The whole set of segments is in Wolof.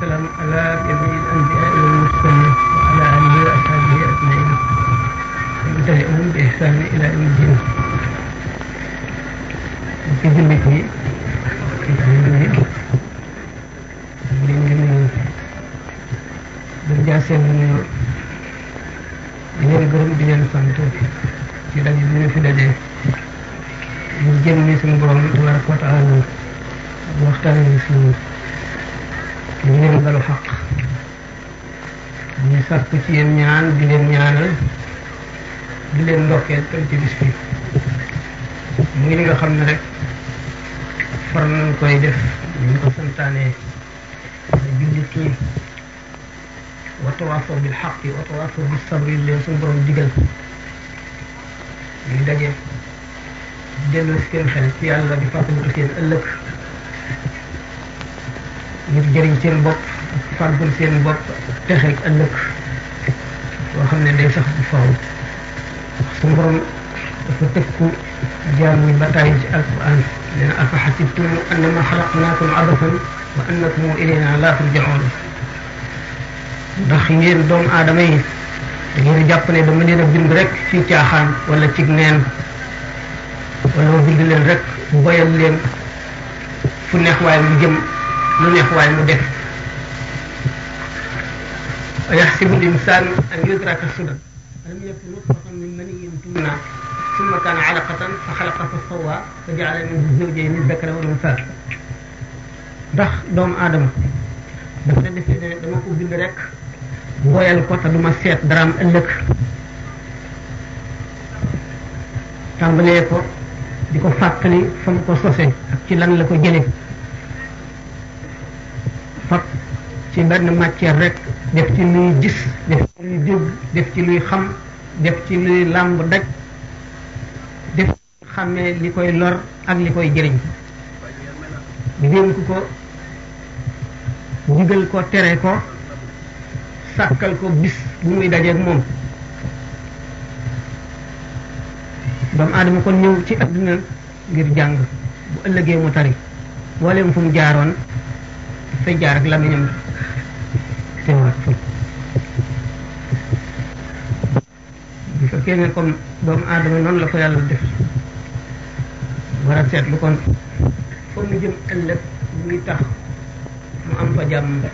والسلام على جميع الأنبياء والمرسلين وعلى آله وأصحابه أجمعين ومن تبعهم بإحسان إلى يوم الدين. sàkku ci ñaan di leen ñaanal di leen ndokkeel tam muy li nga xam ne rek far nañ koy def ñu ko santaanee jullit yi wa tawaasoo bil xaqi wa tawaasoo bis sabri leen suñu borom digal ñu daje dellu seen xel ci yàlla di fàttaliku seen ëllëg ngir jëriñ seen bopp fàggul seen bopp texe ak yoo xam ne day sax bu faaw suñu borom dafa tëkku jaam ñi ba tàyyi ci alquran nee na afa xasibtum annama xalaqnaakum abatan wa annakum ilayna laa turjaoon ndax ngeen doomu aadama yi da ngeen a jàpp ne dama leen a bind rek ci caaxaan wala cig neen wala ma bind leen rek boyal neex waaye mu jëm lu neex waaye mu def fa yaxsibu linsaanu an yudraka sudan alam yakun nutfatan min maniyyin yumna summa kaana alaqatan fa xalaqa fa sawwa fa jaala minhu zawjayni dakara wal unsa ndax doomu aadama dafa ne defee ne dama ko bind rek boyal ko te duma seet daraam ëllëg tàmbalee ko di ko fàttali fa mu ko sose ak ci lan la ko jële ci benn matière rek def ci luy gis def ci luy dégg def ci luy xam def ci luy làmb daj def ci xàmmee li koy lor ak li koy jëriñ dénk ko digal ko tere ko sàkkal ko bis bu muy dajeeg moom doomu aadama kon ñëw ci àdduna ngir jàng bu ëllëgee mu tari mboolem fu mu jaaroon fay jaar ak lamiñam seen si bu comme doomu aadama noonu la ko yàlla def war a seetlu kon fa mu jëm ëllëg muy tax mu am fa jàmm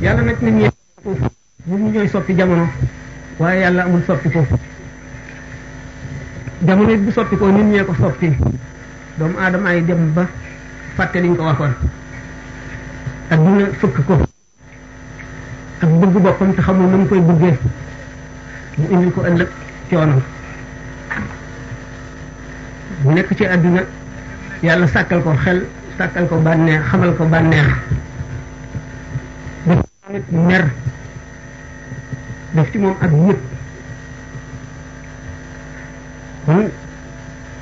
yàlla nag nit ñi foofu nit ñi soppi jamono waaye yàlla amul soppi foofu jamono it bu soppi ko nit ñee ko soppi doomu aadama ay dem ba fàtte liñ ko waxoon ak dina fëkk ko ak bëgg boppam te xamul na koy bëggee mu indil ko ëllëg coono mu nekk ci àdduna yàlla sàkkal ko xel sàkkal ko bànneex xamal ko bànneex def ci moom ak yëpp kon hmm?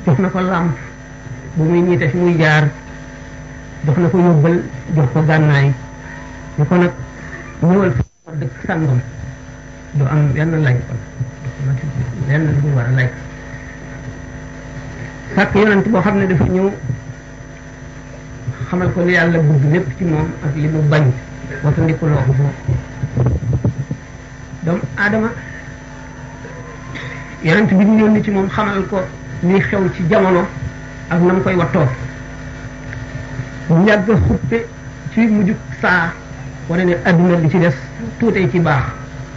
jox na ko làmp bu muy ñiite fi muy jaar jox na ko yóbbal jox ko gànnaay ñu ko nag ñëwal fi war am benn lay kon lenn lu war a lay boo xam ne dafa ñëw xamal ko li yàlla bëgg lépp ci moom ak li mu bañ wata ndiku loo doomu aadama yonent bi ñu yónni ci moom xamal ko li xew ci jamono ak na mu koy wattoo mu yàgg xuppe ci mujjug saa wane ne adduna li ci des tuutee ci baax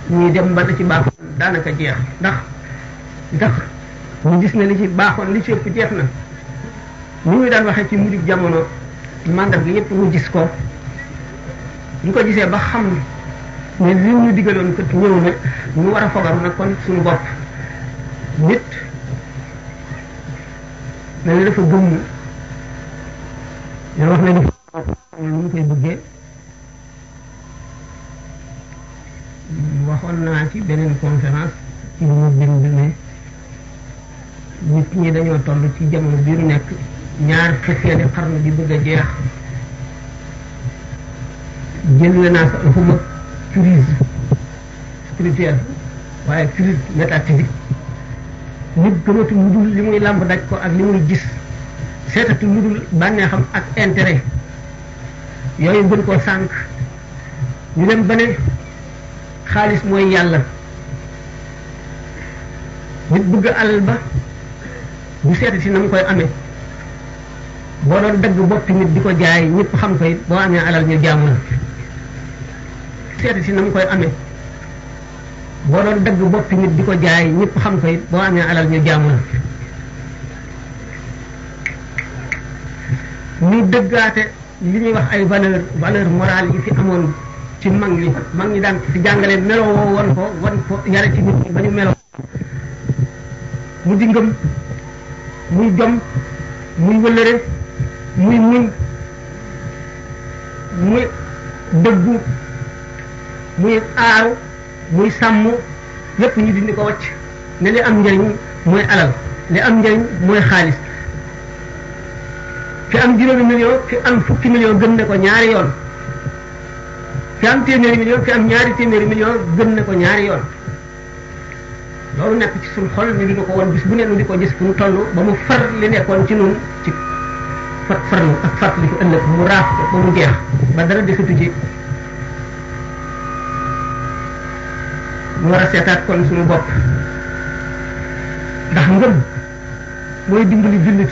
ñuy dem ba ci baaxoon daanaka jeex ndax ndax ñu gis na li ci baaxoon li ci ëpp jeex na ni muy daan waxee ci mujjug jamono màndar bi yépp ñu gis ko ñu ko gisee ba xam ne li ñu digaloon kat ñëw na ñu war a fogaru nag kon suñu bopp nit mel na dafa gëm ne wax nañu ñu ngi koy bëggee waxoon naa ci beneen conférence ci li mu bind nit ñi dañoo toll ci jamono bi ñu nekk ñaar fukkeeli xarnu bi bëgg a jeex jël la naa sax dafa mag crise spirituelle waaye crise métaphysique nit gëmatul lu dul li muy làmp daj ko ak li muy gis seetatul lu dul bànneexam ak intérêt yooyu gën koo sànq ñu dem ba xaalis mooy yàlla nit bëgg alal ba bu seeta si na mu koy amee boo doon dagg boppi nit di ko jaay ñëpp xam ko it boo amee alal ñu jaamu la seeta si na mu koy amee boo dëgg dagg nit di ko jaay ñëpp xam ko it boo amee alal ñu jaamu la ñu dëggaate li ñuy wax ay valeur valeur morale yi fi amoon ci mag yi mag ñi daan fi jàngale melo woo wan ko wan ko yare ci nit ñi ba ñu melo mu di muy jom muy wëllëre muy muñ muy dëggu muy aaru muy sàmm yépp ñu dindi ko wacc ne li am njëriñ mooy alal li am njëriñ mooy xaalis fi am juróomi million fi am fukki million gën na ko ñaari yoon fi am téeméeri million am ñaari téeméeri million gën na ko ñaari yoon loolu nekk ci suñ xol ñu di ko woon bis bu ne ñu di ko gis fu mu toll ba mu far li nekkoon ci nun ci fat farlu ak fàttali ko ëllëg mu raaf ko ba mu jeex ba dara desatu ci ñu war a seetaat kon suñu bopp ndax ngëm mooy dimbali jullit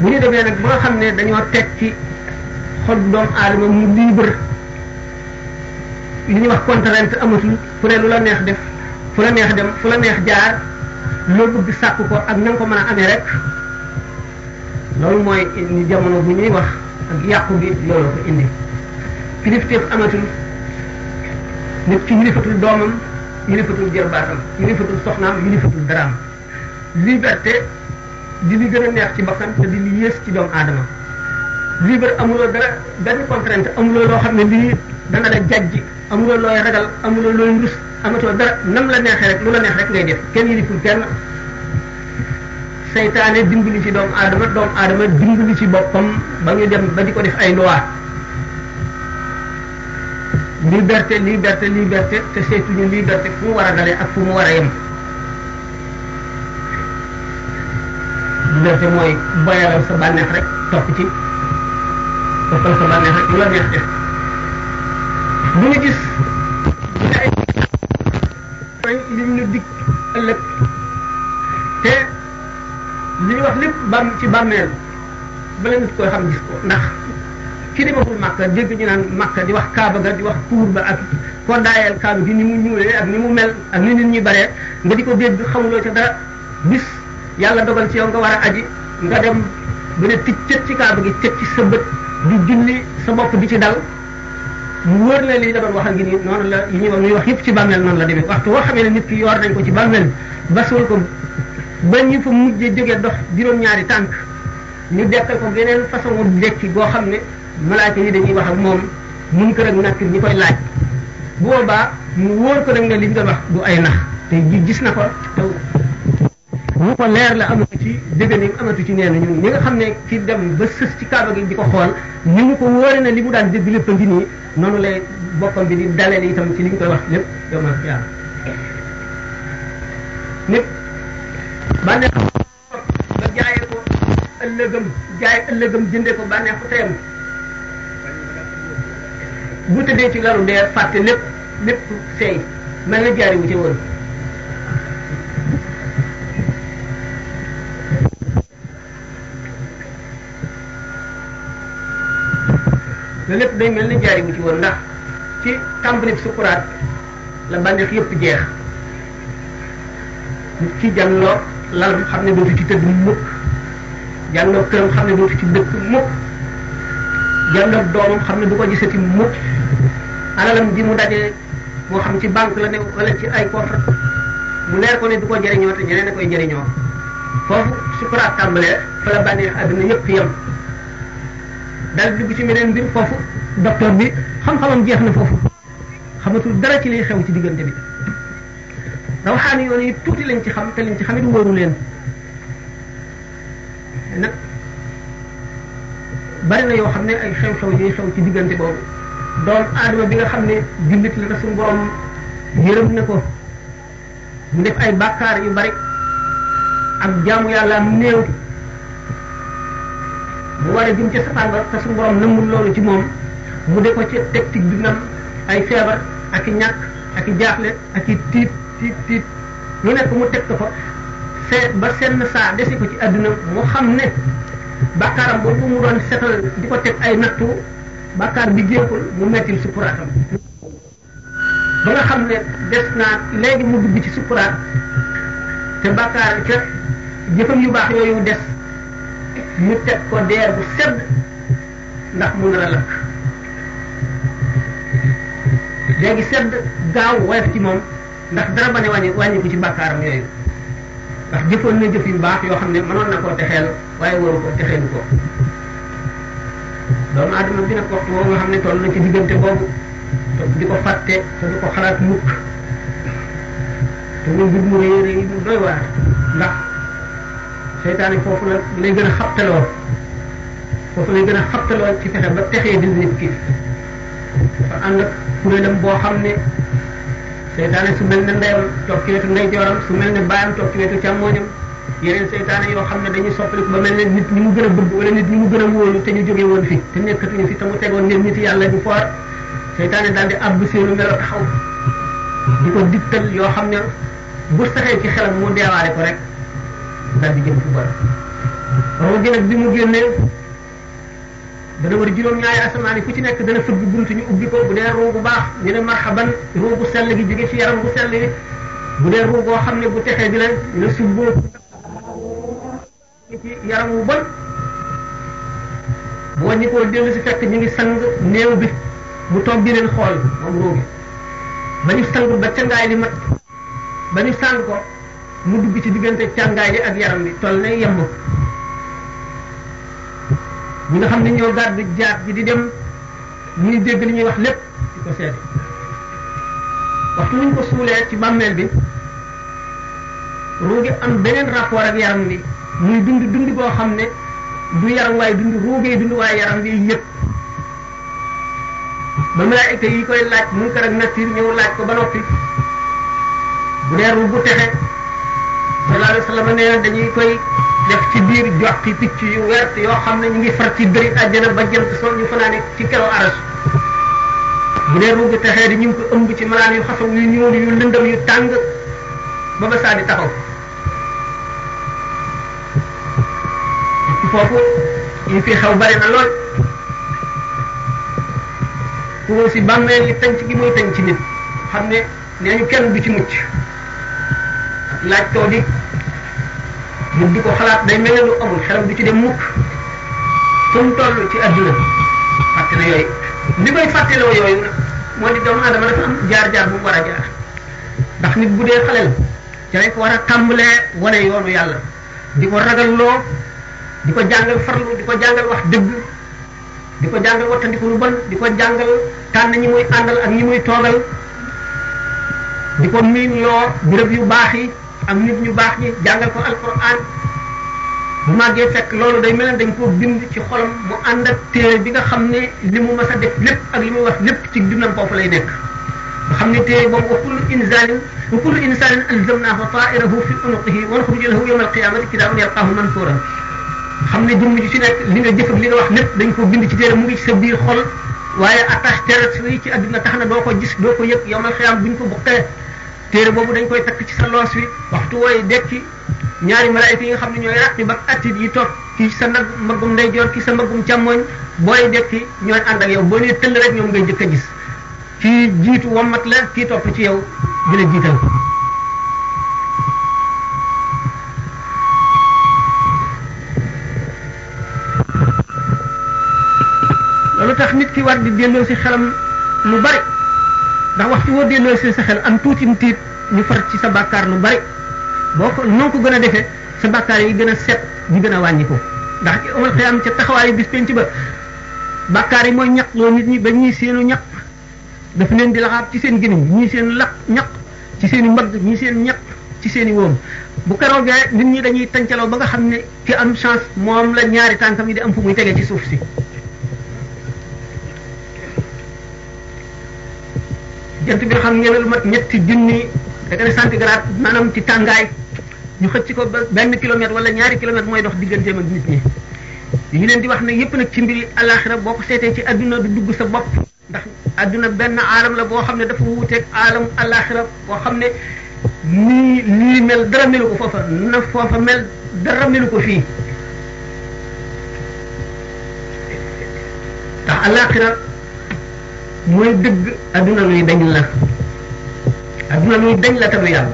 bu ñu demee nag ba xam ne dañoo teg ci xol doomu aadama mu bër li ñuy wax contrainte amatul fu ne lu la neex def fu la neex dem fu la neex jaar loo bëgg sàkk ko ak na ko mën a amee rek loolu mooy jamono bu ñuy wax ak yàqu bi loolu ko indi kilifteef amatul nit ki yilifatul doomam yilifatul jarbaatam yilifatul soxnaam yilifatul daraam liberté di li gën a neex ci bakkan te di li yées ci doomu aadama libre amuloo dara benn contrainte amuloo loo xam ne lii dana la jajji amuloo looy ragal amuloo looy rus amatoo dara nam la neexee rek lu la neex rek ngay def kenn yiliful kenn seytaane li ci doomu aadama doomu aadama dimbali ci boppam ba ñu dem ba di ko def ay loi liberté liberté liberté te seetuñu liberté fu mu war a dalee ak fu mu war a yem liberté mooy boyalal sa bànneex rek topp ci toppal sa bànneex rek la neex def bu ñu gis dañ lim ñu dig ëllëg te li wax lépp bam ci bàmmeel bala nit koy xam gis ko ndax ki demagul Makka dégg ñu naan Makka di wax Kaaba ga di wax kuur ba ak kondaayeel Kaaba gi ni mu ñuulee ak ni mu mel ak ni nit ñi baree nga di ko dégg xamuloo ca dara bis yàlla dogal ci yow nga war a aji nga dem bu ne tëj ci Kaaba gi tëj ci sa bët di julli sa bopp di ci dal mu wër la li la doon wax ak ni noonu la li ñuy wax ñuy wax yëpp ci bàmmeel noonu la demee waxtu boo xamee ne nit ki yoor nañ ko ci bàmmeel basul ko ba ñu fa mujjee jógee dox juróom-ñaari tànk ñu dekkal ko geneen façon dekki xam ne malaaka yi dañuy wax ak moom mun kër ak nakir ñi koy laaj bu boobaa mu wóor ko nag ne li ñu doon wax du ay nax te gis na ko taw mu ko leer la amatu ci dëgg amatu ci nee na ñu ñi nga xam ne kii dem ba sës ci kaaba gi di ko xool ni mu ko wóore na li mu daan dégg lépp a ngi nii noonu lay boppam bi di daleel itam ci li ñu koy wax lépp yow ma yaa nit bànneex ba jaayee ko ëllëgam jaay ëllëgam jëndee ko bànneex ko teyam bu tëddee ci lalu ndee fàtte lépp lépp seey mel na jaari wu ci woon loolu lépp day mel ni ci woon ndax ci tàmbali sukuraat la bànneex yëpp jeex ci jànloo lal xam ne dootu ci tëdd mukk jànloo këram xam ne dootu ci dëkk mukk jàngal doomam xam ne du ko gisati mukk alalam bi mu dajee moo xam ci banque la ne wala ci ay coffre mu leer ko ne du ko jëriñoo te ñeneen a koy jëriñoo foofu sukuraat tàmbalee fa la bànneex àdduna yëpp yem dal dugg ci meneen mbir foofu docteur bi xam-xamam jeex na foofu xamatul dara ci liy xew ci diggante bi rawaxaani yoon yi tuuti lañ ci xam te lañ ci xam it wóoru leen nag bari na yoo xam ne ay xew-xew yooyu xew ci diggante boobu doomu aadama bi nga xam ne jullit la te suñu borom yërëm na ko mu def ay bàkkaar yu bari ak jaamu yàlla am mu war a jëm ca safaan ba te suñu borom ci moom mu de ko ci teg diggam ay feebar ak i ñàkk ak i jaaxle ak i tiit tiit tiit lu nekk mu teg ko fa seet ba seen saa desi ko ci àdduna mu xam ne bàkkaaram boobu mu doon setal di ko teg ay nattu bàkkaar bi géexul mu mettil sukuraatam ba nga xam ne des naa léegi mu dugg ci sukuraat te bàkkaar ca jëfam yu baax yooyu des mu teg ko deer bu sedd ndax mu nar a lakk léegi sedd gaaw woyof ci moom ndax dara ba ne wàññi wàññi ci bàkkaaram yooyu ndax jëfoon na jëf yu baax yoo xam ne mënoon na koo texeel waaye waru ko texeelu ko doomu aadama bi nag waxtu woo nga xam ne toll na ci diggante boobu te di ko fàtte di ko xalaat mukk te muy mbir mu rëy rëy waar ndax seytaane foofu la lay gën a xabtaloo foofu lay gën a xabtaloo ci fexe ba texee dindi nit ki dafa ànd ak kuréelam boo xam ne seytaane su mel ne ndeyam toog ci wetu ndeyjooram su mel ne baayam toog ci wetu càmmooñam yeneen seytaane yoo xam ne dañuy soppaliku ba mel ne nit ñi mu gën a bëgg wala nit ñi mu gën a wóolu te ñu jóge fi te nekkatuñu fi te mu tegoon leen nit yàlla bu foor seytaane daal àbb seenu melo taxaw di ko digtal yoo xam ne bu saxee ci xelam mu deewaale ko rek daal di jëm fu bon. wax nga bi mu génnee. dana wër juróom-ñaari asamaan yi fu ci nekk dana fëgg buntu ñu ubbi ko bu dee ruu bu baax ñu ne marhaban ruu bu sell gi jóge ci yaram bu sell bi bu dee ruu boo xam ne bu texee bi la ñu ne subboo wu bon bu dellu si fekk ñu ngi sang néew bi mu toog di leen xool moom ruu bi ba ñu sang ba cangaay li mat ba ñu sang ko mu dugg ci diggante cangaay li ak yaram bi toll na yemb ñi nga xam ne ñoo gàdd jaar ji di dem ñuy dégg li ñuy wax lépp di ko seede waxtu ñu ko suulee ci bàmmeel bi ruugi am beneen rapport ak yaram bi muy dund dund boo xam ne du yaram waaye dund ruugee dund waaye yaram bi yëpp ba malaayika yi koy laaj Munkar ak Nakiir ñëw laaj ko ba noppi bu dee texe sallallahu alayhi wa sallam nee na koy def ci biir jotti picc yu wert yoo xam ne ñu ngi far ci dëri àjjana ba jant soo ñu fanaane ci kero aras bu dee ruugu texee di ñu ngi ko ëmb ci malaan yu xasaw yu ñuul yu lëndëm yu tàng ba ba saa di taxaw foofu yi fi xew bare na lool pour si bàmmeel yi tënc gi muy tënc nit xam ne nee ñu kenn du ci mucc mu di ko xalaat day mel ne lu amul xelam bi ci dem mukk fu mu toll ci adduna fàtte na yooyu ni koy fàtteloo yooyu moo di doomu aadama dafa am jaar-jaar bu mu war a jaar ndax nit bu dee xale la ci lañ war a tàmbalee wane yoonu yàlla di ko ragal loo di ko jàngal farlu di ko jàngal wax dëgg di ko jàngal wattandiku lu bon di ko jàngal tànn ñi muy àndal ak ñi muy toogal di ko miin loo bërëb yu baax ak nit ñu baax ñi jàngal ko alquran bu màggee fekk loolu day mel ne dañ koo bind ci xolam mu ànd ak téere bi nga xam ne li mu mës a def lépp ak li mu wax lépp ci dundam foofu lay nekk nga xam ne téere boobu wa kullu insaanin wa kullu insaanin alzamnaahu taa'irahu fi unuqihi wa nuxriju lahu yawma alqiyaamati kitaaban yalqaahu mansuuraa xam ne jëmm ji ci nekk li nga jëf ak li nga wax lépp dañ koo bind ci téere mu ngi ci sa biir xol waaye attache terrestre yi ci àdduna tax na doo ko gis doo ko yëg yawmal qiyaam buñ ko buqee téere boobu dañ koy takk ci sa loos wi waxtu wooy dekki ñaari malaayika yi nga xam ne ñooy ràq ba atit yi toog ci sa nag mbaggum ndeyjoor ci sa mbaggum càmmoñ booy dekki ñooy ànd ak yow boo nee tëll rek ñoom ngay jëkk a gis kii jiitu wammat la kii topp ci yow di la jiital loolu tax nit ki war di delloo xelam lu bari ndax waxtu woo delloo si sa xel am tuuti tiit ñu far ci sa bàkkaar lu bari boo ko noo ko gën a defee sa bàkkaar yi gën a set di gën a wàññiku ndax amal xëy am ca taxawaayu bis ba bàkkaar yi mooy ñaq loo nit ñi ba ñii seenu ñaq dafa leen di laxaab ci seen gémmiñ ñii seen laq ñaq ci seen i mbagg ñii seen ñaq ci seen i woom bu keroogee nit ñi dañuy tancaloo ba nga xam ne ki am chance moom la ñaari tànkam yi di am fu muy tege ci suuf si jant bi xam ngeen lu mat ñetti junni degré centigrade maanaam ci tàngaay ñu xëcc ko ba benn kilomètre wala ñaari kilomètre mooy ndox digganteem ak nit ñi. ñu leen di wax ne yépp nag ci mbiri alaxira boo ko seetee ci adduna du dugg sa bopp ndax adduna benn aalam la boo xam ne dafa wuuteeg aalam alaxira boo xam ne nii nii mel dara melu ko foofa na foofa mel dara melu ko fii ndax alaxira mooy dëgg adduna luy dañ la adduna luy dañ la te du yàgg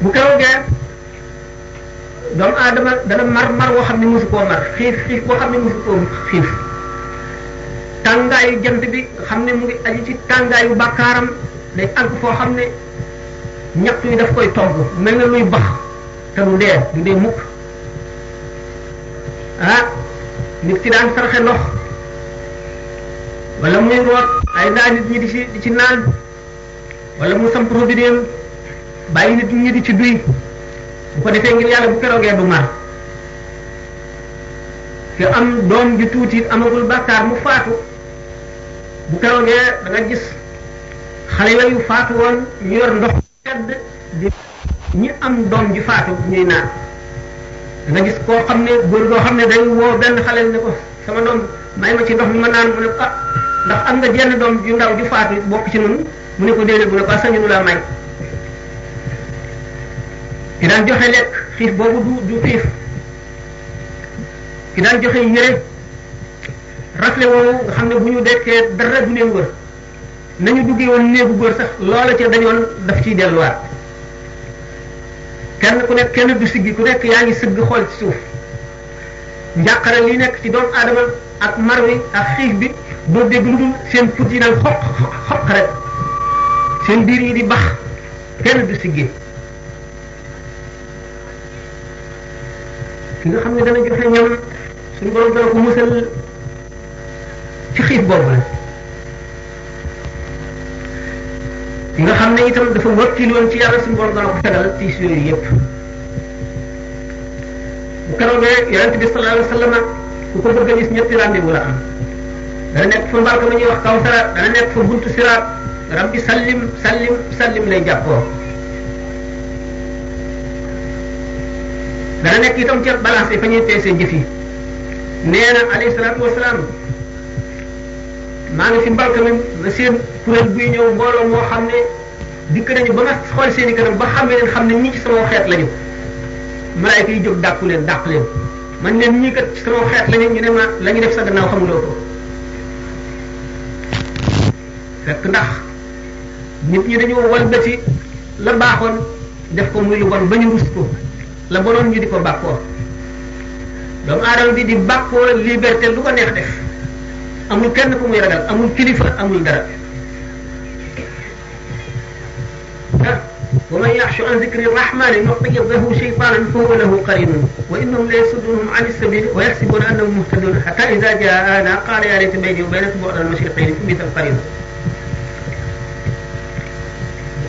bu keroogee doomu aadama dana mar mar woo xam ne mosu koo mar xiif xiif boo xam ne mosu koo xiif tàngaayu jant bi xam ne mu ngi aju ci tàngaayu bàkkaaram day àgg foo xam ne ñax yi daf koy togg mel na luy bax te du dee du dee mukk ah nit ki daan sarxe ndox wala muy root ay ndaa nit ñi di ci di ci naan wala mu samp robinet bàyyi nit ñi di ci duy bu ko defee ngir yàlla bu keroogee du mar te am doom ju tuuti amagul bàkkaar mu faatu bu keroogee da gis xale yooyu faatu woon ñu yor ndox sedd di ñi am doom ji faatu ñuy naan da gis koo xam ne góor goo xam ne day woo benn xale ne ko sama doom may ma ci ndox mi ma naan mu ne ah ndax am nga jenn doom yu ndaw ju faatu bokk ci noonu mu ne ko déedéet bu ne ko sañu nu laa may ki daan joxe lekk xiif boobu du du xiif ki daan joxe yére rafle nga xam ne bu ñu dekkee dara du ne wër nañu duggee woon néegu góor sax loola ca dañoon daf ciy delluwaat kenn ku nekk kenn du siggi ku nekk yaa ngi sëgg xool ci suuf njàqare li nekk ci doomu aadama ak mar wi ak xiif bi doo dégg lu dul seen fut yi naan xoq xoq rek seen biir di bax kenn du siggee ki nga xam ne dana joxe ñam suñu borom dana ko musal ci xiif boobu la ki nga xam ne itam dafa wakkil woon ci yàlla suñu borom dana ko bu keroogee yonent bi sallallahu alayhi wa sallam ku a gis dana nekk fa mbarka ma ñuy wax kaw saraat dana nekk fa buntu siraat rabbi sallim sallim sallim lay jàppoo dana nekk itam ci balance bi fa ñuy peesee jëf yi nee na alayhi salaatu wasalaam maa ngi fi mbalka mi seen kuréel buy ñëw mbooloo moo xam ne dikk nañu ba ma xool seen i kanam ba xam leen xam ne ñii ci sama xeet lañu malaayka yi jóg dàqu leen dàq leen man leen ñuy kat ci sama xeet lañu ñu ne ma la ñu def sa gannaaw xamuloo fekk ndax nit ñi dañoo walbati la baaxoon def ko muy lu bon ba ñu rus ko la bonoon ñu di ko bàkkoo doomu aadama bi di bàkkoo liberté lu ko neex def amul kenn ku muy ragal amul kilifa amul dara ah, wa man yaxshu an dikri rahmani nuqayyid lahu shaytanan fahuwa lahu qarinun wa innahum la yasudduhum an sabili wa yaxsibuna annahum muhtadun hatta idha jaa'ana qala ya layta bayni wa baynaka bu'da al-mashriqayni fa bi'sa al-qarin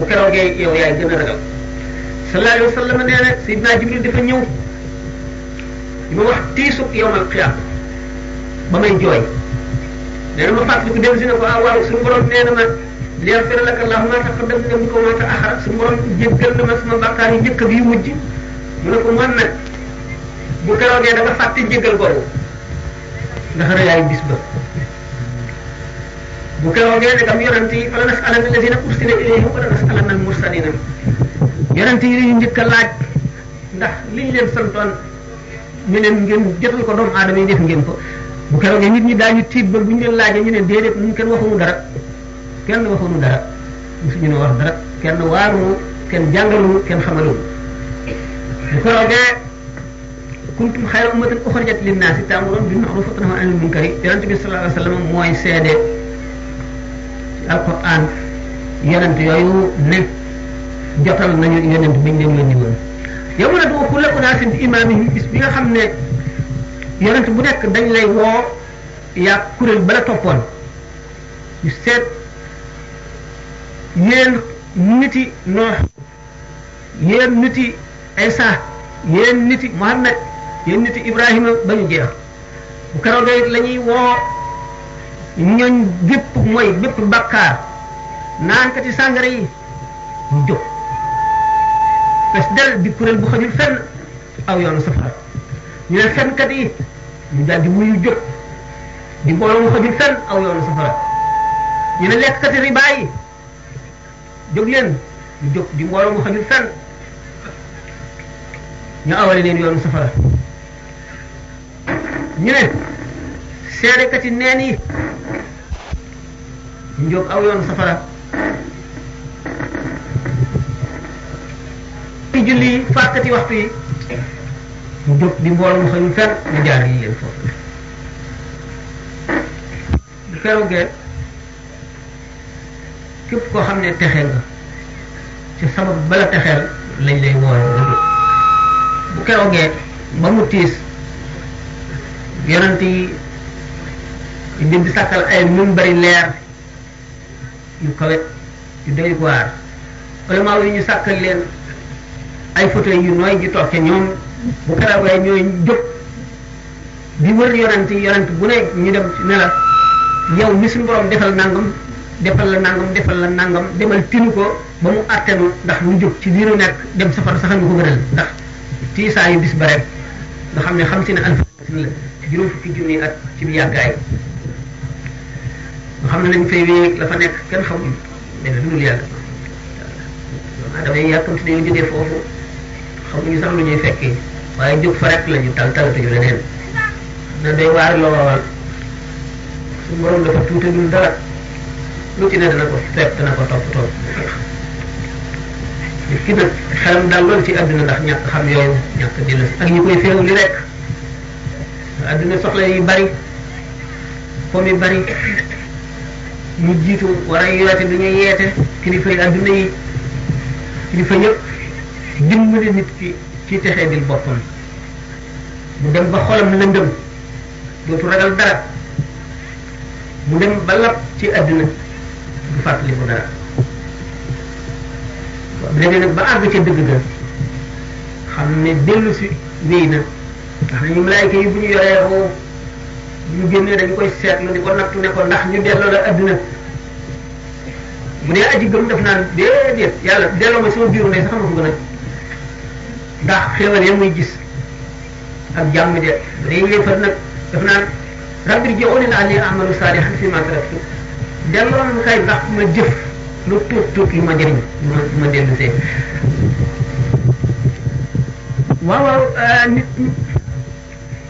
bu keroogee yow yaay gën a ragal sallallahu alayhi wa sallam nee na Seydina Jibril dafa ñëw di ma wax tiisug yowmal qiyaam ba may jooy nee na ma fàttaliku dem si ne ko ah waaw suñu borom nee na ma liyaghfira laka Allahu ma taqaddama min dhanbika wa ma ta'akhkhara suñu borom jéggal na ma sama bàkkaar yu njëkk bi yu mu ne ko man nag bu keroogee da nga fàtte jéggal ndax rëyaayu bis bu keroogee itam yonent yi wala nas'alanna allazina ursila ilayhim wala nas'alanna al mursalina yonent yi dañuy njëkk a laaj ndax liñ leen santoon ñu ne ngeen jotal ko doomu aadama yi def ngeen ko bu keroogee nit ñi daañu tiit ba bu ñu leen laajee ñu ne déedéet ñun kenn waxuñu dara kenn waxuñu dara mosuñu ne wax dara kenn waaruñu kenn jàngaluñu kenn xamaluñu bu keroogee kuntum xayra ummatin uxrijat linnaasi ta'muruuna bil ma'ruufi wa tanhawna anil munkari yonent bi sallallahu alayhi wa mooy seede. alquran yonent yooyu ne jotal nañu yonent bi ñu leen yónni woon yow mën a dugg ku lëkku naa seen imaam yi bis bi nga xam ne yonent bu nekk dañ lay woo yaa kuréel bala toppoon ñu seet yéen niti noox yéen niti Isa yéen niti Muhammad yéen niti Ibrahima ba ñu jeex bu keroog lañuy woo ñooñ bépp mooy bépp bakkaar naankati sàngara yi ñu jóg parce que del di kuréel bu xamul fenn aw yoonu safara ñu ne fennkat yi ñu daal di muyu jóg di mbooloo mu xamul fenn aw yoonu safara ñu ne lekkati riba yi jóg leen ñu jóg di mbooloo mu xamul fenn ñu awale leen yoonu safara ñu ne seerekati neen yi njóog aw yoon safara i julli fàkkati waxtu yi mu di mbool mu xëyul fenn mu jaar yi leen foofu bu keroogee képp koo xam ne texe nga ci sabab bala texeel lañ lay wooy bu keroogee ba mu tiis yonent yi di sàkkal ay mun bari leer yu kawe yu doy waar vraiment yi ñu sàkkal leen ay fauteuils yu nooy ji toog ca ñoom bu karabaay ñooy jóg di wër yonent yonent bu ne ñu dem ne la yow mi suñu defal nangam defal la nangam defal la nangam demal tinu ko ba mu àttanu ndax mu jóg ci biiru nekk dem safar sax ñu ko gënal ndax tiisaayu bis ba rek nga xam ne xam si ne alfa la juróom fukki junni ci bi yàggaay xam ne lañ fay wéeg nekk kenn xamul mais lu dul yàlla lu ñuy waaye jóg fa la ñu tal talatuñu na day waar lool suñu borom dafa tuutalul dara lu ko fekk dana ko toppatoo nit ki daal lool ci àdduna ndax ñàkk xam yooyu ñàkk jëlas ak ñi koy féew li rek àdduna soxla yi bari pomm yi bari. ñu jiitu war a yoote bi ñuy yeete kilifa yi adduna yi kilifa yëpp dimbali nit ki ci texee dil boppam mu dem ba xolam lëndëm dootu ragal dara mu dem ba lab ci adduna du fàttali ko dara léegi nag ba àgg ca dëgg ga xam ne dellu si wéy na ndax na ñu malaayka yi bu ñu yoree ñu génnee dañu koy seetlu di ko nattu ne ko ndax ñu delloo la adduna bu dee aji gëm def naan déedéet yàlla delloo ma sama biiru ndey sax ma ko gën a ndax xéewal ya muy gis ak jàmm de bu dee yéefar nag def naan rabbi ji'uuni la'allii a'malu saalihan fiimaa taraktu delloo ma kay ndax ma jëf lu tuut tuut li ma jëriñ ma ma dellusee waaw waaw euh,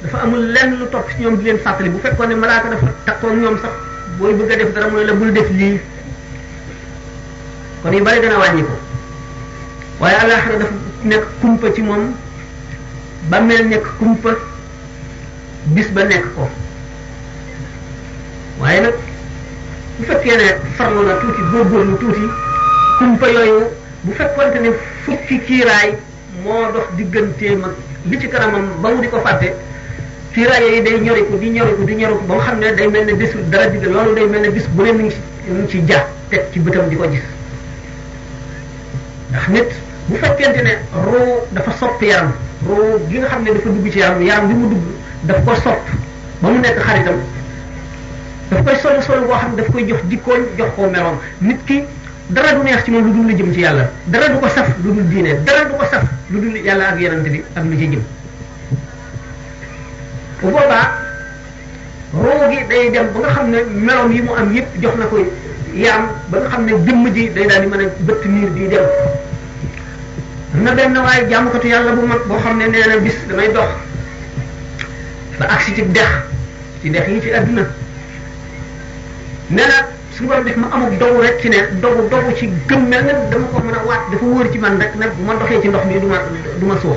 dafa amul lenn lu topp ci ñoom di leen fàttali bu fekkoon ne malaaka dafa takkoon ñoom sax booy bëgg a def dara mooy la bul def lii kon yu bari a wàññi ko waaye àllaaxira dafa nekk kumpa ci moom ba mel nekk kumpa bis ba nekk ko waaye nag bu fekkee ne farlu na tuuti góorgóorlu tuuti kumpa yooyu bu fekkoonte ne fukki kiiraay moo dox digganteem ak li ci kanamam ba mu di ko fàtte si rajo yi day ñoriku di ñoriku di ñoriku ba nga xam ne day mel ne bisu dara jóge loolu day mel ne bis bu ne mi ngi ci mi ngi ci ja teg ci bëtam di ko gis ndax nit bu fekkente ne roo dafa sopp yaram roo gi nga xam ne dafa dugg ci yaram yaram bi mu dugg daf ko sopp ba mu nekk xaritam daf koy solo solo boo xam ne daf koy jox dikkooñ jox koo meloom nit ki dara du neex ci moom lu dul la jëm ci yàlla dara du ko saf lu dul diine dara du ko saf lu dul yàlla ak bu boobaa ruu gi day dem ba nga xam ne meloom yi mu am yépp jox na ko yaam ba nga xam ne jëmm ji day daal di mën a bëtt niir di dem na benn waaye jàmmkatu yàlla bu mag boo xam ne nee na bis damay dox ba agsi ci dex ci dex yi ci àdduna nee na suñu borom def ma amul dogu rek ci ne dogu dogu ci gëm mel na dama ko mën a waat dafa wóor ci man rek nag bu ma doxee ci ndox mi du ma du ma suux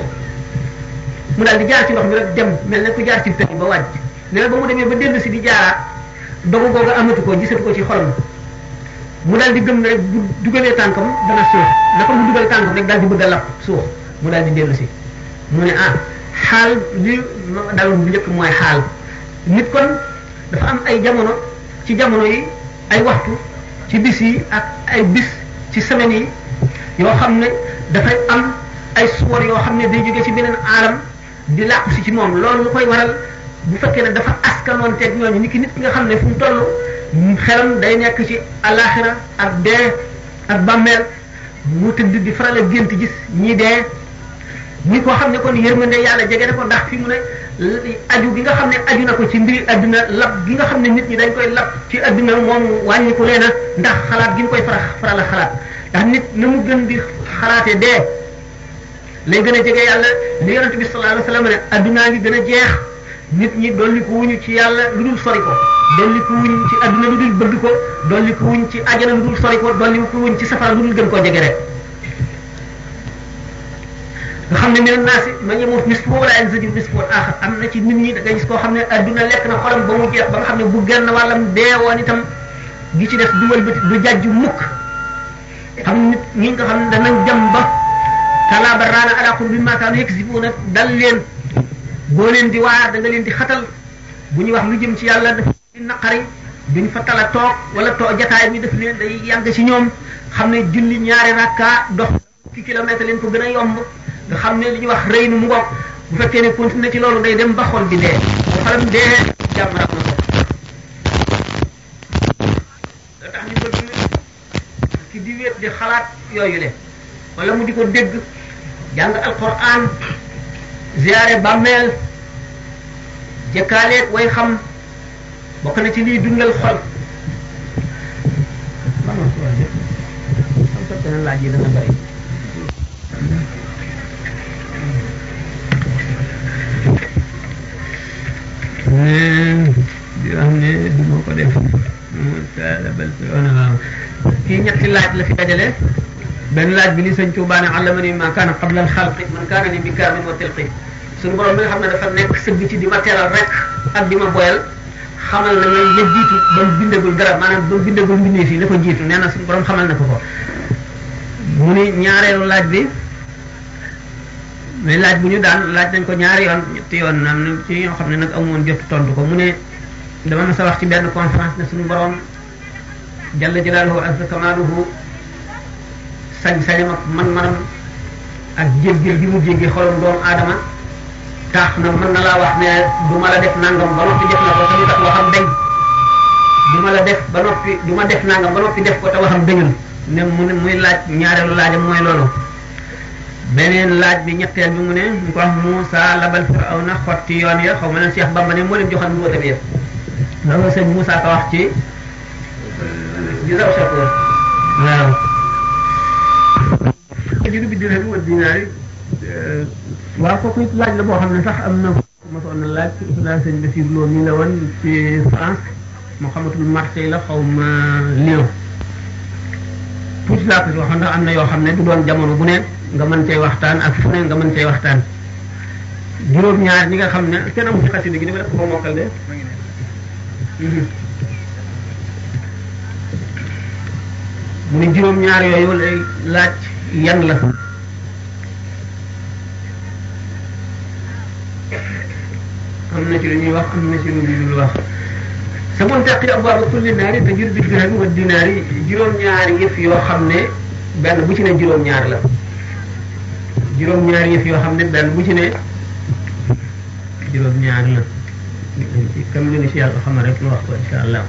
mu daal di jaar ci ndox mi rek dem mel ne ku jaar ci pexe ba wàcc nee ba mu demee ba dellu si di jaaraat dogu googu amatu ko gisatu ko ci xolam mu daal di gëm ne rek bu dugalee tànkam dana suux naka mu dugal tànkam rek daal di bëgg a lapp suux mu daal di dellu si mu ne ah xaal li daloon bu njëkk mooy xaal nit kon dafa am ay jamono ci jamono yi ay waxtu ci bis yi ak ay bis ci semaines yi yoo xam ne dafay am ay suwar yoo xam ne day jóge ci beneen aalam di làqu si ci moom loolu lu koy waral bu fekkee ne dafa askanoon teeg ñooñu ni ki nit ki nga xam ne fu mu toll xelam day nekk ci alaxira ak dee ak bàmmeel mu tëdd di faral a gént gis ñi dee ñi ko xam ne kon yërmande yàlla jege na ko ndax fi mu ne aju gi nga xam ne aju na ko ci mbiri adduna lab gi nga xam ne nit ñi dañ koy lab ci adduna moom wàññiku leen a ndax xalaat gi ñu koy fara faral a xalaat ndax nit na mu gën di xalaate dee lay gën a jege yàlla li yonent bi sallallahu alayhi wasallam ne addunaa gën a jeex nit ñi dolli ko wuñu ci yàlla lu dul sori ko dolli ko ci adduna lu dul ko dolli wuñ ci ajana lu dul sori ko dolli ko wuñ ci safara lu dul gën koo jege rek nga xam ne minen naa si ma yemof mis fo wala en zajib mis fo axar am na ci nit ñi da ngay gis koo xam ne adduna lekk na xolam ba mu jeex ba nga xam ne bu genn wàllam dee woon itam gi ci def du wëlbati du jajju mukk xam nit ñi nga xam ne kala barraana ala qulubihim ma dal leen boo leen di waar da leen di xatal bu ñu wax lu jëm ci yàlla daf di naqari duñ fa tala toog wala toog jataay mi def leen day yàgg ci ñoom xam ne julli ñaari rakka dox fukki kilomètre leen ko gën a yomb nga xam ne li ñuy wax rëy nu mu ngoog bu fekkee ne continué ci loolu ngay dem ba xol bi dee ba dee jàmm rab na ko da tax ñu ko dund di wéet di xalaat yooyu le wala mu di ko dégg jàng alquran ziyaare bàmmeel jëkkaaleeg way xam bokk na ci liy dundal xol laaj yi dana bari di wax ne du ma ko def kii ñetti laaj la fi dajale benn laaj bi li sëñ Tuubaa ne allama ni ma kaana qabla alxalqi man kaana ni bi kaamin wa tilqi suñu borom bi nga ne dafa nekk ci di ma teelal rek ak di ma boyal xamal na la la jiitu ba mu bindagul dara maanaam mu bindagul mbindee fii la ko jiitu nee na suñu borom xamal na ko ko mu ni ñaareelu laaj bi mais laaj bu ñu daan laaj nañ ko ñaari yoon ñetti yoon am ci ñoo xam ne nag amoon jot tontu ko mu ne dama mës a wax ci benn conférence suñu borom jalla jalaaluhu sañ-sañam ak man-manam ak jéggéel bi mu jéggee xolam doomu aadama tax na mën na laa wax ne du ma la def nangam ba noppi def na ko te lu tax waxam dañ du ma la def ba noppi du ma def nangam ba noppi def ko te waxam dañul ne mu muy laaj ñaareelu laajam mooy loolu beneen laaj bi ñetteel bi mu ne ñu ko wax Moussa labal Firawna xotti yoon ya xaw ma ne Cheikh Bamba ne moo leen joxoon mbootam yëpp loolu sëñ Moussa ka wax ci gisaw sa waaw tajidu bi dirham wa dinaari waaw kooku it laaj la boo xam ne sax am na mosoon na laaj naa sëñ Basiir Lo mi la woon ci France moo xamatul Marseille la xaw ma Lyon tuuti laa ko waxoon ndax am na yoo xam ne du doon jamono bu ne nga mën cee waxtaan ak fu ne nga mën waxtaan juróom-ñaar ñi nga xam ne kenn amul gi ni ma def ko mhm. yooyu laaj yan la sant am na ci lu ñuy wax am na ci lu dul wax samun taqi abwaabu kulli naari te jur bi dirham wa dinaari juróom-ñaari yëf yoo xam ne benn bu ci ne juróom-ñaar la juróom-ñaari yëf yoo xam ne benn bu ci ne juróom-ñaar la kam li nga si yàlla xamal rek lu wax ko insha allah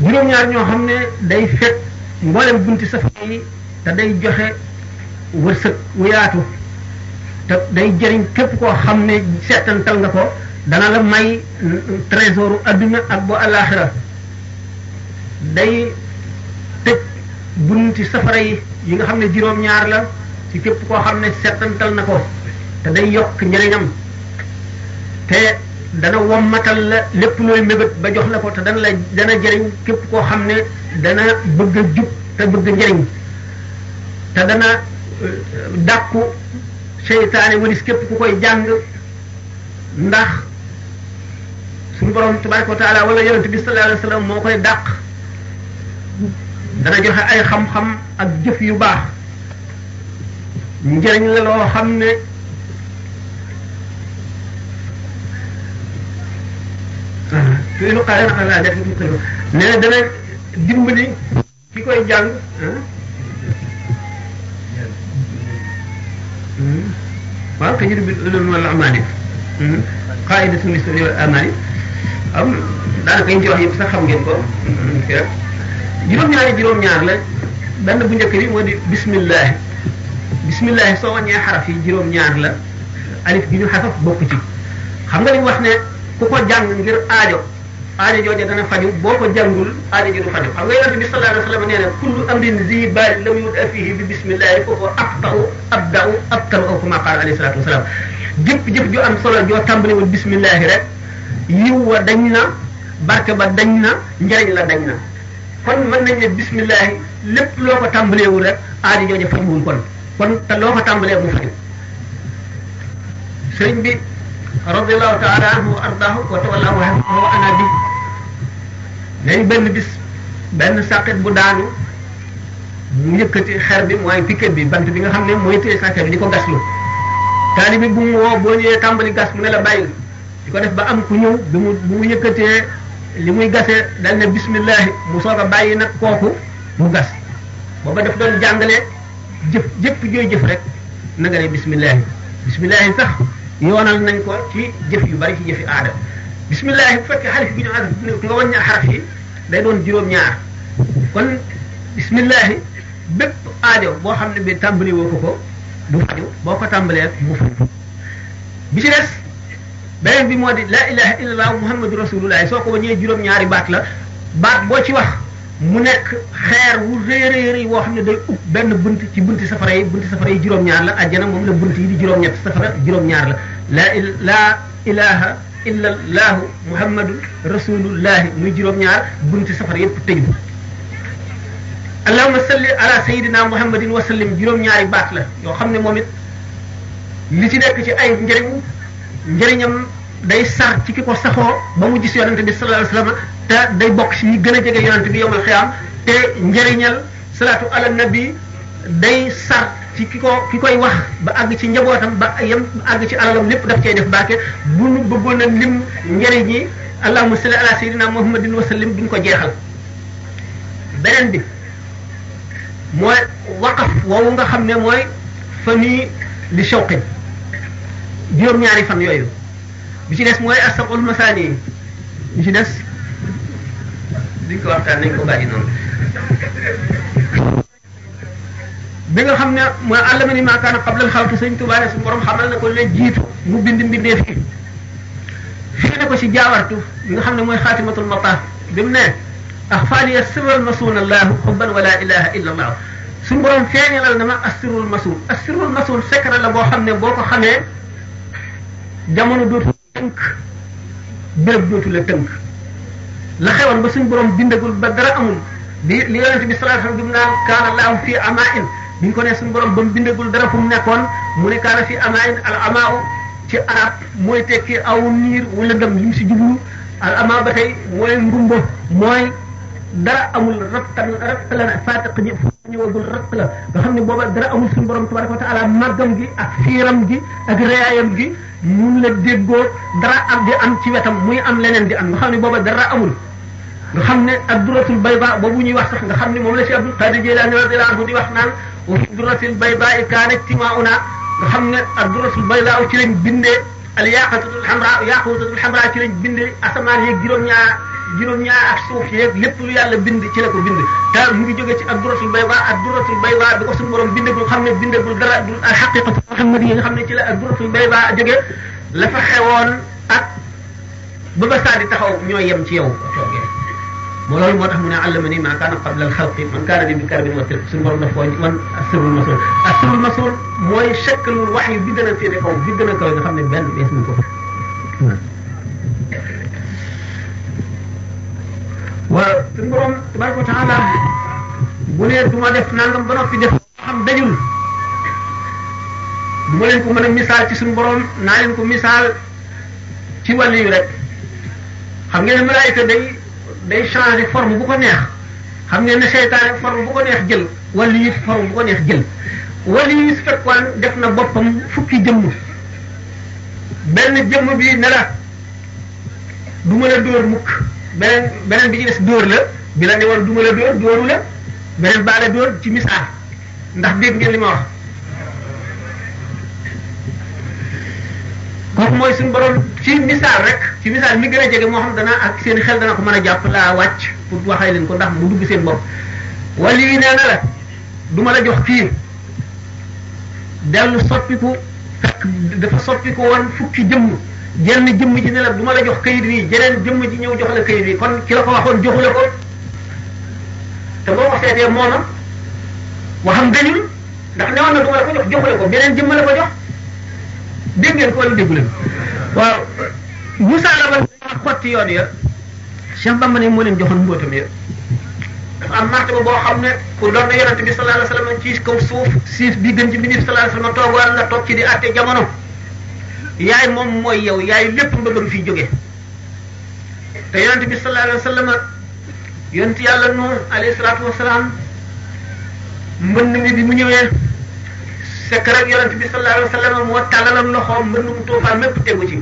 juróom-ñaar ñoo xam ne day fekk mboolem bunti safara te day joxe wërsëg wu te day jëriñ képp koo xam ne seetantal nga ko dana la may trésoru àdduna ak bu alaxira day tëj bunti safara yi yi nga xam ne juróom-ñaar la ci képp koo xam ne seetantal na ko te day yokk njëriñam te dana wommatal la lépp looy mébét ba jox la ko te dana la dana jëriñ képp koo xam ne dana bëgg jub te bëgg njëriñ te dana eh, dàkku seytaane walis képp ku koy jàng ndax suñu borom tabaraka wa taala wala yonent bi sallallahu moo koy dàq dana joxe ay xam-xam ak jëf yu baax mu xam ne tuuti lu xaaree na xanaa def mu ko nee na dana dimbali ki koy jàng ah, Hmm. waaw tajridu bil ulumi wal amaali hmm. qaa'idatun lis su'li wal amaali am daanaka ñu ci wax yëpp sax xam ngeen ko hmm, juróom-ñaari juróom-ñaar la benn bu njëkk bi moo di bismillah bismillah soo wàññee xaraf yi la alif gi ñu xasaf bokk ci xam nga li wax ne ku ko jàng aajo aajo jooja dana faju boo ko jàngul aajo ji du faju xam nga yonent bi sallallahu alayhi wa sallam nee amrin zi baal lam yud afihi bi bismillahi foofu abtau abdau abtaru aw kama qaala alayhi salatu wasalaam jëpp jëpp ju am solo joo tàmbali woon rek yiw wa dañ ba dañ na njariñ la dañ na kon mën nañ ne bismillahi lépp loo ko rek aajo jooja fajuwul kon kon te loo ko mu faju radiallahu taala anhu wa ardahu wa bi nañ benn bis benn sàqet bu daanu mu yëkkati xer bi mooy piquet bi bant bi nga xam ne mooy téye sàqet bi di ko gaslu taalibi bu mu boo ñëwee tàmbali gas mu ne la bàyyil di ko def ba am ku ñëw bi mu bu li muy gase dal ne bismillahi mu soog a bàyyi nag kooku mu gas booba daf doon jàngale jëf jëpp jooy jëf rek na ne bismillahi bismillahi sax yoonal nañ ko ci jëf yu bari ci jëf yu aada bisimilah bu fekkee xalif bi ñu aada nga wàññi xaraf yi day doon juróom-ñaar kon bisimilah bépp aajo boo xam ne bi tàmbali woo ko ko du faju boo ko tàmbalee mu faju bi ci des beneen bi moo di la ilaha illallah muhammadu rasulullah soo ko wàññee juróom-ñaari baat la baat boo ci wax. mu nekk xeer wu réeréer yi woo xam ne day ub benn bunt ci bunti safara yi bunti safara yi juróom-ñaar la àjjana moom la bunt yi di juróom-ñett safara juróom-ñaar la laa il laa ilaha illa llahu muhammadu rasulullahi muy juróom-ñaar bunti safara yépp tëj bu allahuma salli ala sayidina muhammadin wa sallim juróom-ñaari baat la yoo xam ne moom it li ci nekk ci ay njëriñu njëriñam day sar ci ki ko saxoo ba mu gis yonente bi sallallahu alayhi wa sallam te day bokk ci yi gën a jege yonent bi yowmal xiyaam te njëriñal salaatu na bi day sar ci ki ko koy wax ba àgg ci njabootam ba yem ba àgg ci alalam lépp daf cay def barke bu nu bëggoon a lim njëriñ yi allahumma salli ala sayyidina muhammadin wa sallim duñ ko jeexal beneen bi mooy waqaf woowu nga xam ne mooy famille li shawqin juróom-ñaari fan yooyu bi ci des mooy asabul masaani yi bi ci des duñ ko waxtaan nañ ko bàyyi noonu bi nga xam ne mooy àllama ni maakaana xablal xalqi sëñ Tuubaa ne su borom xamal na ko la jiitu mu bind mbindee fii fii ne ko si jaawartu bi nga xam ne mooy xaatimatul mataaf bi mu ne axfaaniya sirral masuun allahu xubban wala ilaha illa allah suñu borom feeñalal na ma assirul masuun assirul masuun secret la boo xam ne boo ko xamee jamono dootu tënk béréb dootu la tënk la xewoon ba suñ borom bindagul ba dara amul li li yonent bi sallallahu alayhi wasallam naan kaana laahu fi amain bi ñu ko nee suñu borom ba mu dara fu mu nekkoon mu ne kaana fi amain al amaau ci arab mooy tekki aw niir wala ndam li mu si jublu al amaa ba tey mooy ngumba mooy dara amul rattan rattala a ñi a ratt la nga xam ne booba dara amul suñu borom tabaraka wa taala màggam gi ak fiiram gi ak reyaayam gi mun la déggoo dara am di am ci wetam muy am leneen di am nga xam ne dara amul nga xam ne ak duratul bayba boobu ñuy wax sax nga xam ne moom la si Abdul Qadir Jilani radiyallahu anhu di wax naan wa fi duratil bayba i kaana timauna nga xam ne ak duratul bayba ci lañ bindee al yaqutatul xamra yaqutatul xamra ci lañ bindee asamaan yeeg juróom-ñaar juróom-ñaar ak suuf yeeg lépp lu yàlla bind ci la ko bind te mu ngi jóge ci ak duratul bayba ak duratul bayba bi ko suñu borom bindagul xam ne bindagul dara du al xaqiqatu muhammadiyya nga xam ne ci la ak duratul bayba jóge la fa xewoon ak ba ba saa di taxaw ñoo yem ci yow moo loolu moo tax mu ne àllama nii maa kaana qabla al xalqi man kaana bi karbin wa sirq suñu borom dafa wan asrul masul asrul masul mooy chekkalul wax yu bi gën a féete kaw bi gën a kaw nga xam ne benn bees mu ko waaw suñu borom tabaraka wa taala bu ne du ma def nangam ba noppi def xam dajul du ma leen ko mën a misaal ci suñu borom naa leen ko misaal ci wàll yu rek xam ngeen ne malaayika day day changer forme bu ko neex xam ngeen ne seytaane forme bu ko neex jël wala yi forme bu ko neex jël wala yi su def na boppam fukki jëmm jëmm bi ne la du ma la dóor mukk beneen beneen bi ci des dóor la bi la ne woon du ma la dóor dóoru la beneen baa la dóor ci misaal ndax dégg ngeen li ma wax kooku mooy si borom ci misaal rek ci misaal mi gën a moo xam dana ak seen xel dana ko mën a jàpp laa wàcc pour waxee ko ndax mu dugg seen bopp wala yi nee na du ma la jox kii dellu soppiku fekk dafa soppiku woon fukki jëmm jenn jëmm ji ne la du ma la jox kayit wi jeneen jëmm ji ñëw jox la kayit kon ki ko waxoon joxu la ko te boo ko seetee moo na waxam gënul ndax na du ma la ko jox joxu la ko beneen jëmm la ko jox. dégg ngeen ko wala déggu leen waaw musaaraba xotti yoon ya Cheikh Bamba ne moo leen joxoon mbootam ya dafa am boo xam ne ku doon na yonent bi sallallahu alayhi wasallam ci kaw suuf siis bi gën ci mbindeef sallallahu alayhi wasallam nga toog ci di àtte jamono yaay moom mooy yow yaay lépp mbëgg fi jóge te yonent bi sallallahu alayhi wasallam yonent yàlla noonu alayhi salaatu mi bi mu ñëwee fekk rek yonent bi sallallahu alayhi wa sallam moo tàllaloon loxoom mbëndum tuufaan mépp tegu ci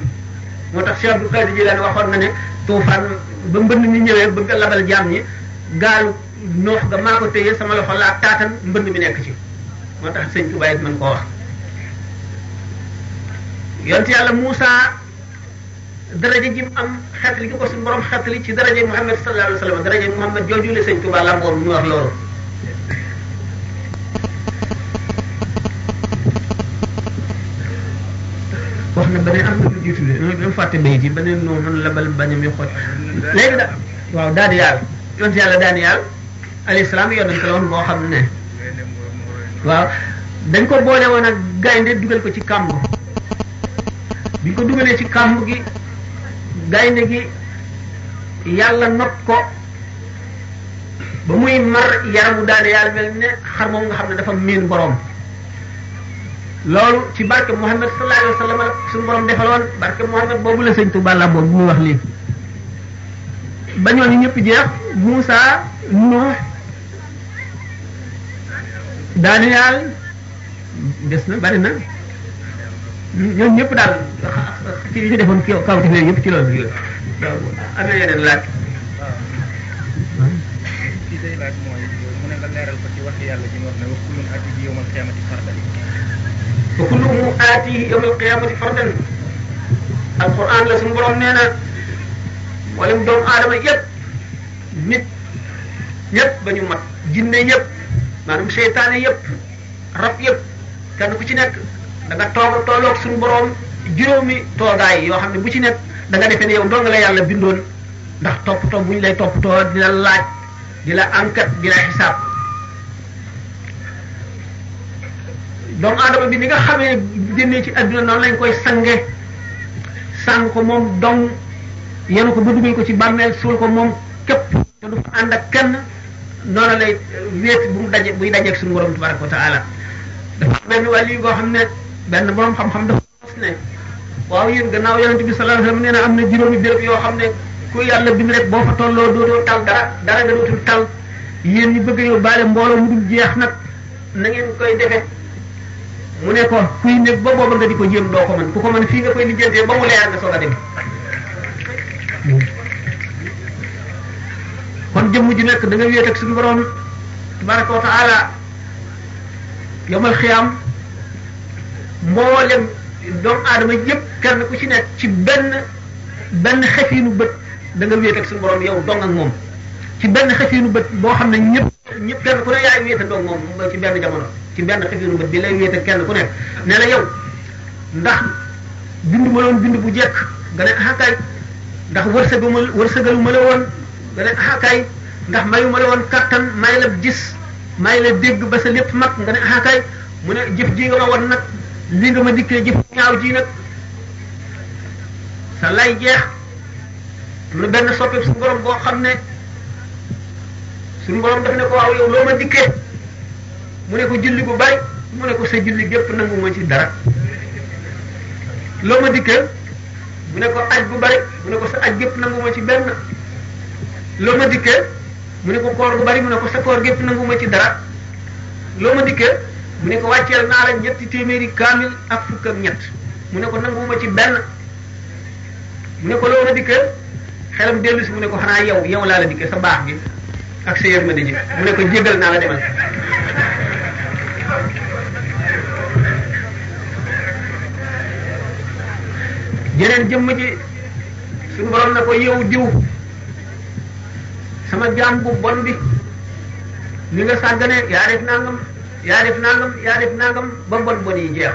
moo tax Cheikh Abdou Qadir Jilani waxoon na ne tuufaan ba mbënd mi ñëwee bëgg a labal jaam ñi gaalu noox ga maa ko téye sama loxo laa taatan mbënn mi nekk ci moo tax sëñ Tuubaa it ko koo wax yonent yàlla Moussa daraja ji mu am xetli gi ko suñu borom xetli ci daraja Muhammad sallallahu alayhi wa sallam daraja Muhammad jooju la sëñ Tuubaa làmboor mu wax loolu wax na beneen am na lu jiitu de loolu fàtte bayit yi beneen noonu labal bañam yu xoj léegi da waaw daani yàlla yonent yàlla daani yàlla alayhi salaam yonent la boo xam ne waaw ko boole woon ak gaynde dugal ko ci kàmb bi ñu ko dugalee ci kàmb gi gaynde gi yàlla not ko ba muy mar yaramu daane yàlla mel ne xar moom nga xam ne dafa miin borom loolu ci barke Muhammad sallallahu alayhi wa sallam la suñu borom defaloon barke Muhammad boobu la sëñ Touba la boobu muy wax lii ba ñooñu ñëpp jeex Moussa Nuux Daniel des na bari na ñooñu ñëpp daal ci li ñu defoon kaw kaw te ci loolu yooyu am yàlla ji wa kulluhum aatihi yawm alqiyamati fardan alquran la suñu borom nee na mboolem doomu aadama yëpp nit ba ñu mat jinne yëpp maanaam seytaane yëpp rab yëpp kenn ku ci nekk da nga toog tolloog suñu borom juróomi toogaay yoo xam ne bu ci nekk da nga defee ne yow ndonga la yàlla bindoon ndax toppatoo bu ñu lay toppatoo di la laaj di la enquête di xisaab. doomu aadama bi ni nga xamee génnee ci adduna noonu lañ koy sange sàng ko moom dong yenu ko ba dugal ko ci bàmmeel suul ko moom képp te du fa ànd ak kenn noonu lay uh, wéet bu mu daje buy dajeeg suñu borom tabaraka wa taala dafa benn wàll yi boo xam ne benn borom xam-xam dafa gis ne waaw yéen gannaaw yonent bi sallallahu alayhi wa sallam na am na juróomi yoo xam ne ku yàlla bind rek boo fa tolloo dootoo tal dara dara nga dootul tal yéen ñi bëgg a yóbbaale mbooloo mu dul jeex nag na ngeen koy defee mu nekkoon ko kuy ne ba booba nga di ko jéem doo ko mën ku ko mën fii nga koy lijjantee ba mu leer nga soog a dem kon jëmm ji nekk da nga wéet ak suñu borom tabaraka wa taala yomal xiyam mboolem doomu aadama yëpp kenn ku ci nekk ci benn benn xefiinu bët da nga wéet ak suñu borom yow dong ak moom. ci benn xëfiinu bët boo xam ne ñëpp ñëpp kenn ku ne yaay wéetandoog moom ci benn jamono ci benn xëfiinu bët bi lay ku ne ne la yow ndax bind ma loon bind bu jekk nga ne axakaay ndax wërsëgu ma wërsëgalu ma la woon nga ne axakaay ndax mayu ma la woon kattan may la gis may la dégg ba sa lépp nga ne axakaay mu ne jëf ji nga ma won nag li nga ma dikkee jëf ñaaw ji nag sa lay jeex lu benn soppi su borom xam ne suñu borom daf ne ko waaw yow loo ma dikkee mu ne ko julli bu bari mu ne ko sa julli gépp nangu ma ci dara loo ma dikkee mu ne ko aj bu bari mu ne ko sa gépp nangu ci benn loo ma dikkee mu ne ko koor bu bari mu ne ko sa koor gépp nangu ci dara loo ma dikkee mu ne ko wàcceel naa la ñetti téeméeri kaamil ak fukk ak ñett mu ne ko nangu ma ci benn mu ne ko loo ma dikkee xelam dellu si mu ne ko xanaa yow yow laa la dikkee sa baax gi ak sa yërmande ji mu ne ko jéggal naa la demal jeneen jëmm ji suñu borom na ko yow diw sama jaam bu bon bi ni nga sàggane yaa def nangam yaa def nangam yaa def ba bon bon yi jeex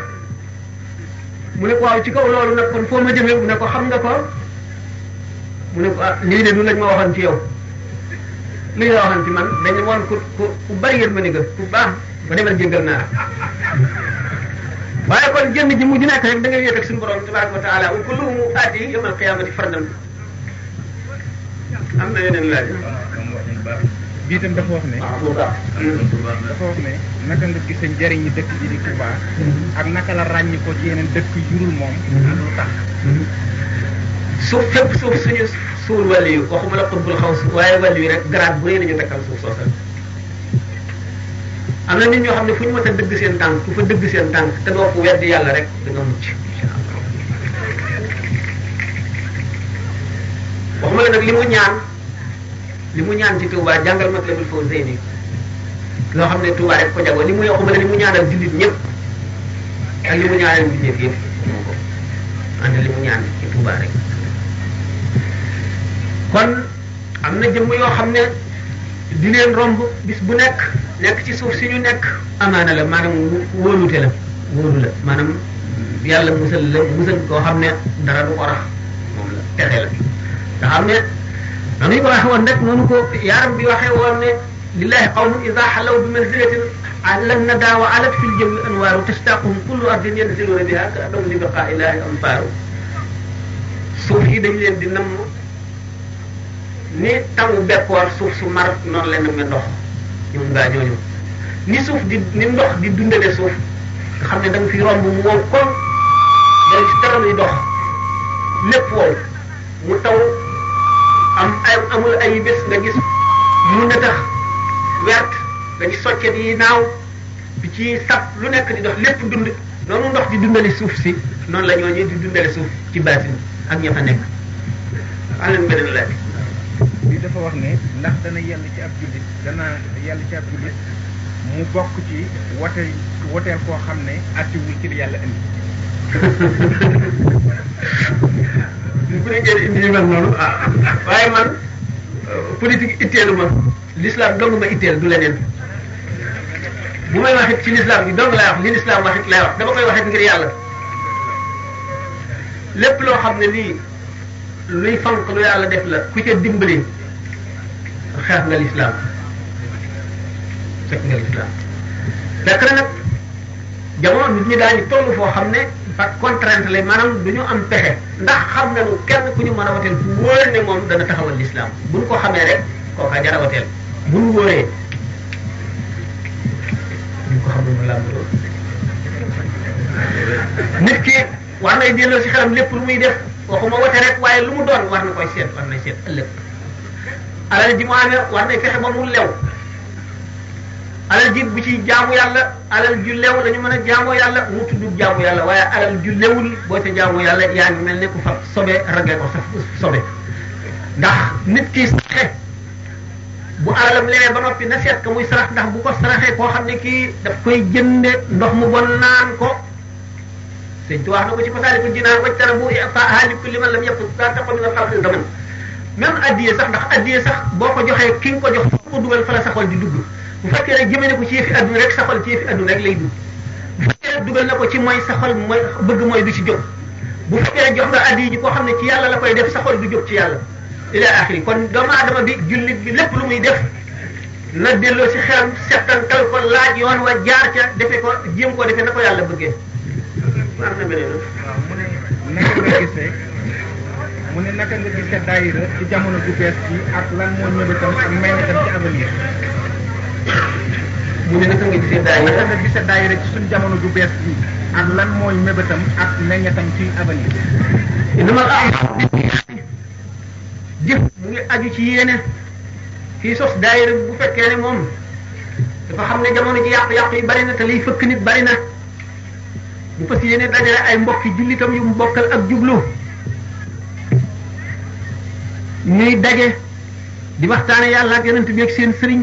mu ne ko waaw ci kaw loolu nag kon foo ma mu ne ko xam nga ko mu ne ko ah lii de du lañ ma waxoon ci yow mi ngi la waxoon ci man dañu woon ku ku ku bari yërmande ga ku baax ba demal jëngal naa waaye kon jëmm ji mujj nekk rek da ngay wéet ak suñu borom tabaraka wa taala wa kulluhum aati yawmal qiyaamati fardan am na yeneen laaj. bii itam dafa wax ne. Ah, dafa wax ne naka nga gis njëriñu dëkk bi di Touba. ak naka la ràññi ko ci yeneen dëkk yu moom. lu tax. suuf fépp suuf suñu suul wàllu yi waxuma la xutbul xaw waaye wàllu yi nag grade bu rëy lañu takkal suuf soosa am na nit ñoo xam ne fu ñu mën a dëgg seen tànk ku fa dëgg seen tànk te doo ko weddi yàlla rek da nga mucc waxuma la nag li mu ñaan li mu ñaan ci Touba jàngal ma la bul faw zeyni loo xam ne Touba rek ko jagoo li mu waxuma la li mu ñaanal jullit ñëpp ak li mu ñaanal jullit yëpp moo ko li mu ñaan ci Touba rek kon am na jëmm yoo xam ne di leen romb bis bu nekk nekk ci suuf si ñu nekk amaana la maanaam wóolute la wóolu la maanaam yàlla musal la musal koo xam ne dara du ko rax moom la texe la nga xam ne dañuy ko waxe woon rek noonu ko yaaram bi waxee woon ne lillahi qawmun ida xalaw bi manzilatin lan na daawa alat fil jëmmi anwaaru tashtaquhum kullu ardin yanziluuna biha ka annahum li biqaa ilahi anfaaru suuf yi dañ leen di namm ni taw beppoor suuf su mar noonu la mel ndox ñoom gaa ñooñu ni suuf di ni ndox di dundale suuf nga xam ne da fi romb mu wow kon day ci dara luy dox lépp wow mu taw am ay amul ay bés nga gis mu ne wert nga gis soccet yi naaw bi ci sab lu nekk di dox lépp dund noonu ndox di dundale suuf si noonu la ñooñu di dundale suuf ci baatin ak ña fa nekk alan beneen laaj bi dafa wax ne ndax dana yell ci ab jullit dana yell mu bokk ci wote woteel koo xam ne àttiwul ci yàlla indi ñu ko nekkee indi yu mel noonu ah, waaye man euh, politique itteelu ma l'islam dong ma itteel du leneen bu may waxit ci l'islam bi dong laay wax li l'islam waxit laay wax dama koy waxit ngir yàlla lépp loo xam ne lii luy fonk lu yàlla def la ku ca dimbali xeex nga lislaam fekk nga lislaam fekk na nag jamono nit ñi daañu toll foo xam ne par contrainte lay maanaam du ñu am pexe ndax xam nañu kenn ku ñu mën a wateel ku wóor ne moom dana taxawal lislaam buñ ko xamee rek kooka jar a wateel buñ wóoree buñ ko xamul mu làmb nit ki war nay delloo si xelam lépp lu muy def waxuma wote rek waaye lu mu doon war na koy seet war na seet ëllëg alal ji mu amee war na fexe ba mu lew alal ji bu ci jaamu yàlla alal ju lew la ñu mën a jaamoo yàlla mu tudd jaamu yàlla waaye alal ju lewul boo ca jaamu yàlla yaa ngi mel ne ku fa sobe ragee ko sa sobe ndax nit ki saraxe bu alalam lewee ba noppi na seet ka muy sarax ndax bu ko saraxee koo xam ne kii daf koy jënde ndox mu bon naan ko sëñ tu wax na ko ci masaalikul jinaan wajtana bu fa ahali kulli man lam yëpp daa taxaw ñu ne xaw si zaman même addiye sax ndax addiye sax boo ko joxee ki nga ko jox fu ko dugal fa la sa xol di dugg bu fekkee rek jëmee ne ko ci yëfi adduna rek sa xol ci yëfi adduna rek lay dugg bu fekkee rek dugal na ko ci mooy sa xol mooy bëgg mooy du ci jóg bu fekkee rek jox nga addiye ji koo xam ne ci yàlla la koy def sa xol du jóg ci yàlla ila axiri kon doomu aadama bi jullit bi lépp lu muy def na delloo si xelam settantal ko laaj yoon wa jaar ca defe ko jéem koo defee na ko yàlla bëggee am na beneen mu ne naka nga gisee daayira ci jamono bu bees bi ak lan moo ñëbëtam ak may na tam ci avenir mu ne naka jamono bu bees lan mooy mébétam ak meññatam ci avenir inama am jëf mu ngi aju ci yéene fii sos daayira bu fekkee ne moom dafa xam ne jamono ji yàqu-yàqu yi bari na te liy fëkk nit bari na bu fas yéene dajale ay mbokki jullitam yu mu bokkal ak jubloo ñuy daje di waxtaane yàlla ak yonent bi ak seen sëriñ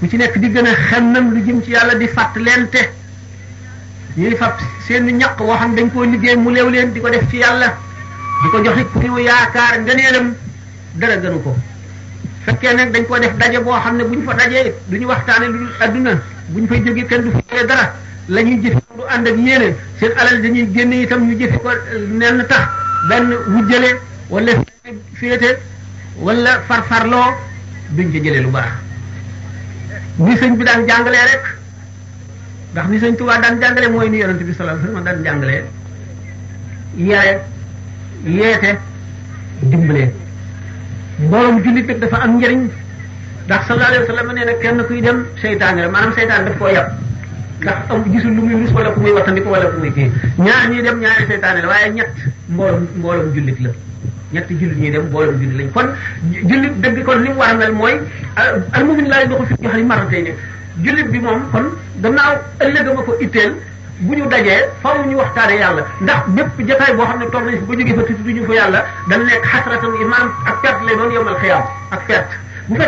mu ci nekk di gën a xennam lu jëm ci yàlla di fàtt fàttalente ñuy fàtt seen ñaq woo xam dañ koo liggéey mu leew leen di ko def ci yàlla di ko joxe ku ñu yaakaar ngëneelam dara gënu ko fekkee nag dañ koo def daje boo xam ne bu ñu fa dajee du ñu waxtaane lu adduna bu ñu fay jógee kenn du fi dara la ñuy jëfe lu ànd ak yéene seen alal dañuy génne itam ñu jëfe ko euh, nenn tax benn wujjale wala féete wala farfarloo duñ ci jële lu baax ni sëñ bi daan jàngalee rek ndax ni sëñ Tuubaa daan jàngalee mooy ni yonent bi sallallahu alayhi daan jàngalee yaay yeete dimbalee mbooloom jullit nag dafa am njëriñ ndax sallallahu alayhi wa sallam nee na kenn kuy dem seytaane la maanaam seytaane daf koo yàpp ndax am gisul lu muy rus wala ku muy wattandiku wala ku muy kii ñaar ñuy dem ñaari seytaane la waaye ñett mboolum jullit la ñetti jullit ñuy dem mboolum jullit lañ kon jullit dëgg kon li mu war a mel mooy al mumin laa doxul fi jox li mar tey ne jullit bi moom kon gannaaw ëllëgama ko itteel bu ñu dajee faaw ñu waxtaane yàlla ndax bépp jotaay boo xam ne toog nañ ba jógee fa tudd ñu fa yàlla dañ nekk xasratan imaam ak perte lay doon yomal xiyaam ak perte bu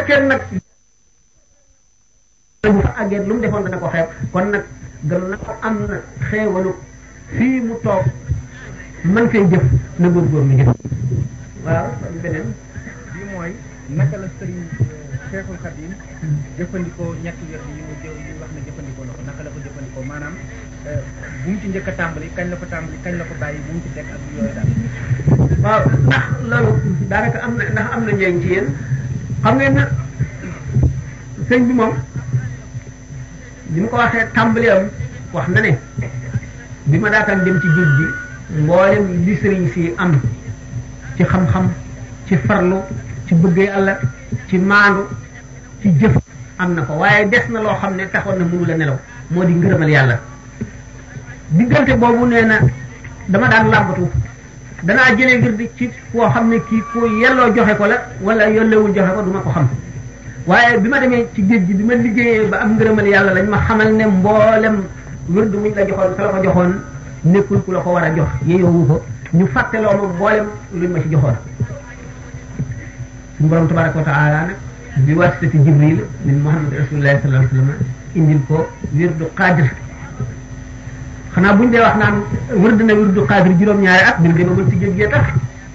lañu fa àggeet lu mu defoon dana ko xeeb kon nag gannaaw am na xeewalu fii mu toog man fay jëf na góorgóor mi jëf waaw mooy naka la sëriñ euh, Cheikhul Khadim jëfandikoo ñetti wér yi mu jëw yi ko naka la ko maanaam euh, bu mu ci njëkk a tàmbali kañ la ko tàmbali kañ la ko bàyyi bu mu ci teg ak waaw ndax loolu daanaka am na ndax am na njëriñ ci yéen xam ngeen na sëñ bi moom li mu ko waxee tàmbali am wax na ne bi ma daataan dem ci géej gi mboolem li sëriñ si am ci xam-xam ci farlu ci bëggee yàlla ci maandu ci jëf am na ko waaye des na loo xam ne taxoon na mënu la nelaw moo di ngërëmal yàlla diggante boobu nee na dama daan làmbatu danaa jëlee ngir di ci koo xam ne kii ko yelloo joxe ko la wala yellewul joxe ko duma ko xam waaye bi ma demee ci géej gi bi ma liggéeyee ba am ngërëmal yàlla lañ ma xamal ne mboolem wërdu muñ la joxoon sa la ko joxoon nekkul ku la ko war a jox yeyoowu ko ñu fàtteloo ma mboolem luñ ma ci joxoon suñu borom tabaraka wa taala nag bi wàcc ci jibril min muhammad rasulullahi sallallahu alayhi wasallam indil ko wirdu qadir xanaa buñ dee wax naan wërd na wirdu qadir juróom-ñaari at bi ma mën si géej tax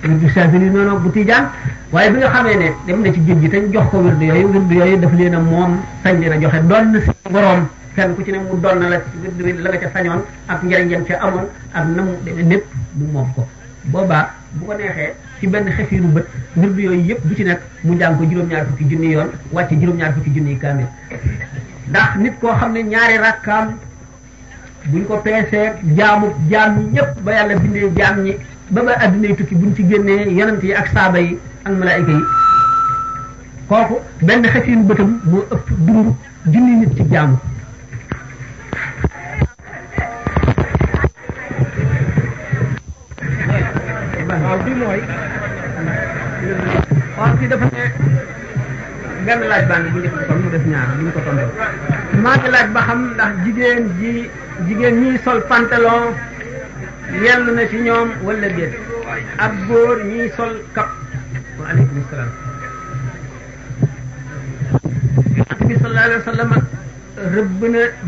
wirdu saafiri noonu bu tiijaan waaye bi nga xamee ne dem na ci géej gi te jox ko wirdu yooyu wirdu yooyu daf leen a moom sañ leen a joxe doon na si boroom kenn ku ci ne mu doon na la wirdu wi la nga ca sañoon ak njariñ yam ca amoon ak na mu demee lépp moom ko boobaa bu ko neexee ci benn xefiiru bët wirdu yooyu yëpp bu ci nekk mu jàng ko juróom-ñaar fukki junni yoon wàcce juróom-ñaar fukki junni kaamil ndax nit koo xam ne ñaari rakkaam buñ ko peesee jaamu jaam ñëpp ba yàlla bindee jaam ñi ba ba addinay tukki buñ ci génnee yonent yi ak saaba yi ak malaayika yi kooku benn xefin bëtam moo ëpp dund junni nit ci jaamu laaj baa ngi bu njëkk ñu ko tombee maa ngi laaj ba xam ndax jigéen ji jigéen ñuy sol pantalon yell na ci ñoom wala déet ab góor ñiy sol kap waaleykum salaam yonent bi sallallahu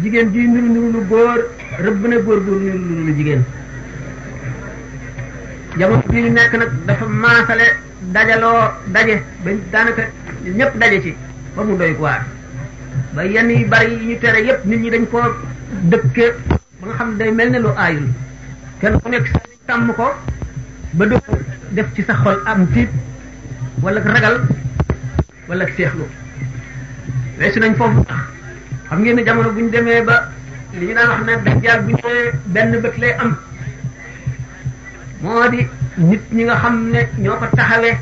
jigéen ji nuru nuru lu góor rëbb na góor góor nuru lu jigéen jamono bii nekk nag dafa maasale dajaloo daje ba daanaka ñëpp daje ci ba mu doy waar ba yenn yu bari yi ñu tere yëpp nit ñi dañ koo dëkke ba nga xam day mel ne lu aayul kenn ku nekk sàmm ko ba doo def ci sa xol am tiit wala ragal wala seexlu weesu nañ foofu tax xam ngeen ne jamono bu ñu demee ba li ñu daan wax ne dajjaal bu ñëwee benn bët lay am moo ñi nga xam ne ñoo ko taxawee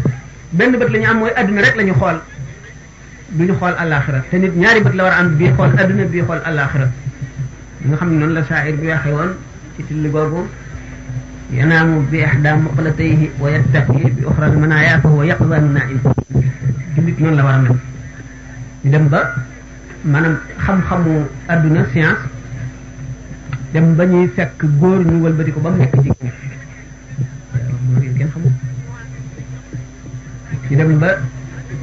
benn am mooy adduna rek la ñu xool du ñu xool àllaaxira te nit ñaari bët la war a am bii xool adduna bii xool àllaaxira ñi nga xam ne noonu la saa'ir bi waxee woon ci tilli googu yanaamu bi ihdaa muqlatayhi wa yattaqi bi uxra al-manaaya fa huwa yaqzaanu naa'im jullit noonu la war a mel dem ba maanaam xam-xamu adduna science dem ba ñuy fekk góor ñu wëlbati ko ba mu nekk jigéen ñi kenn xamul ñu dem ba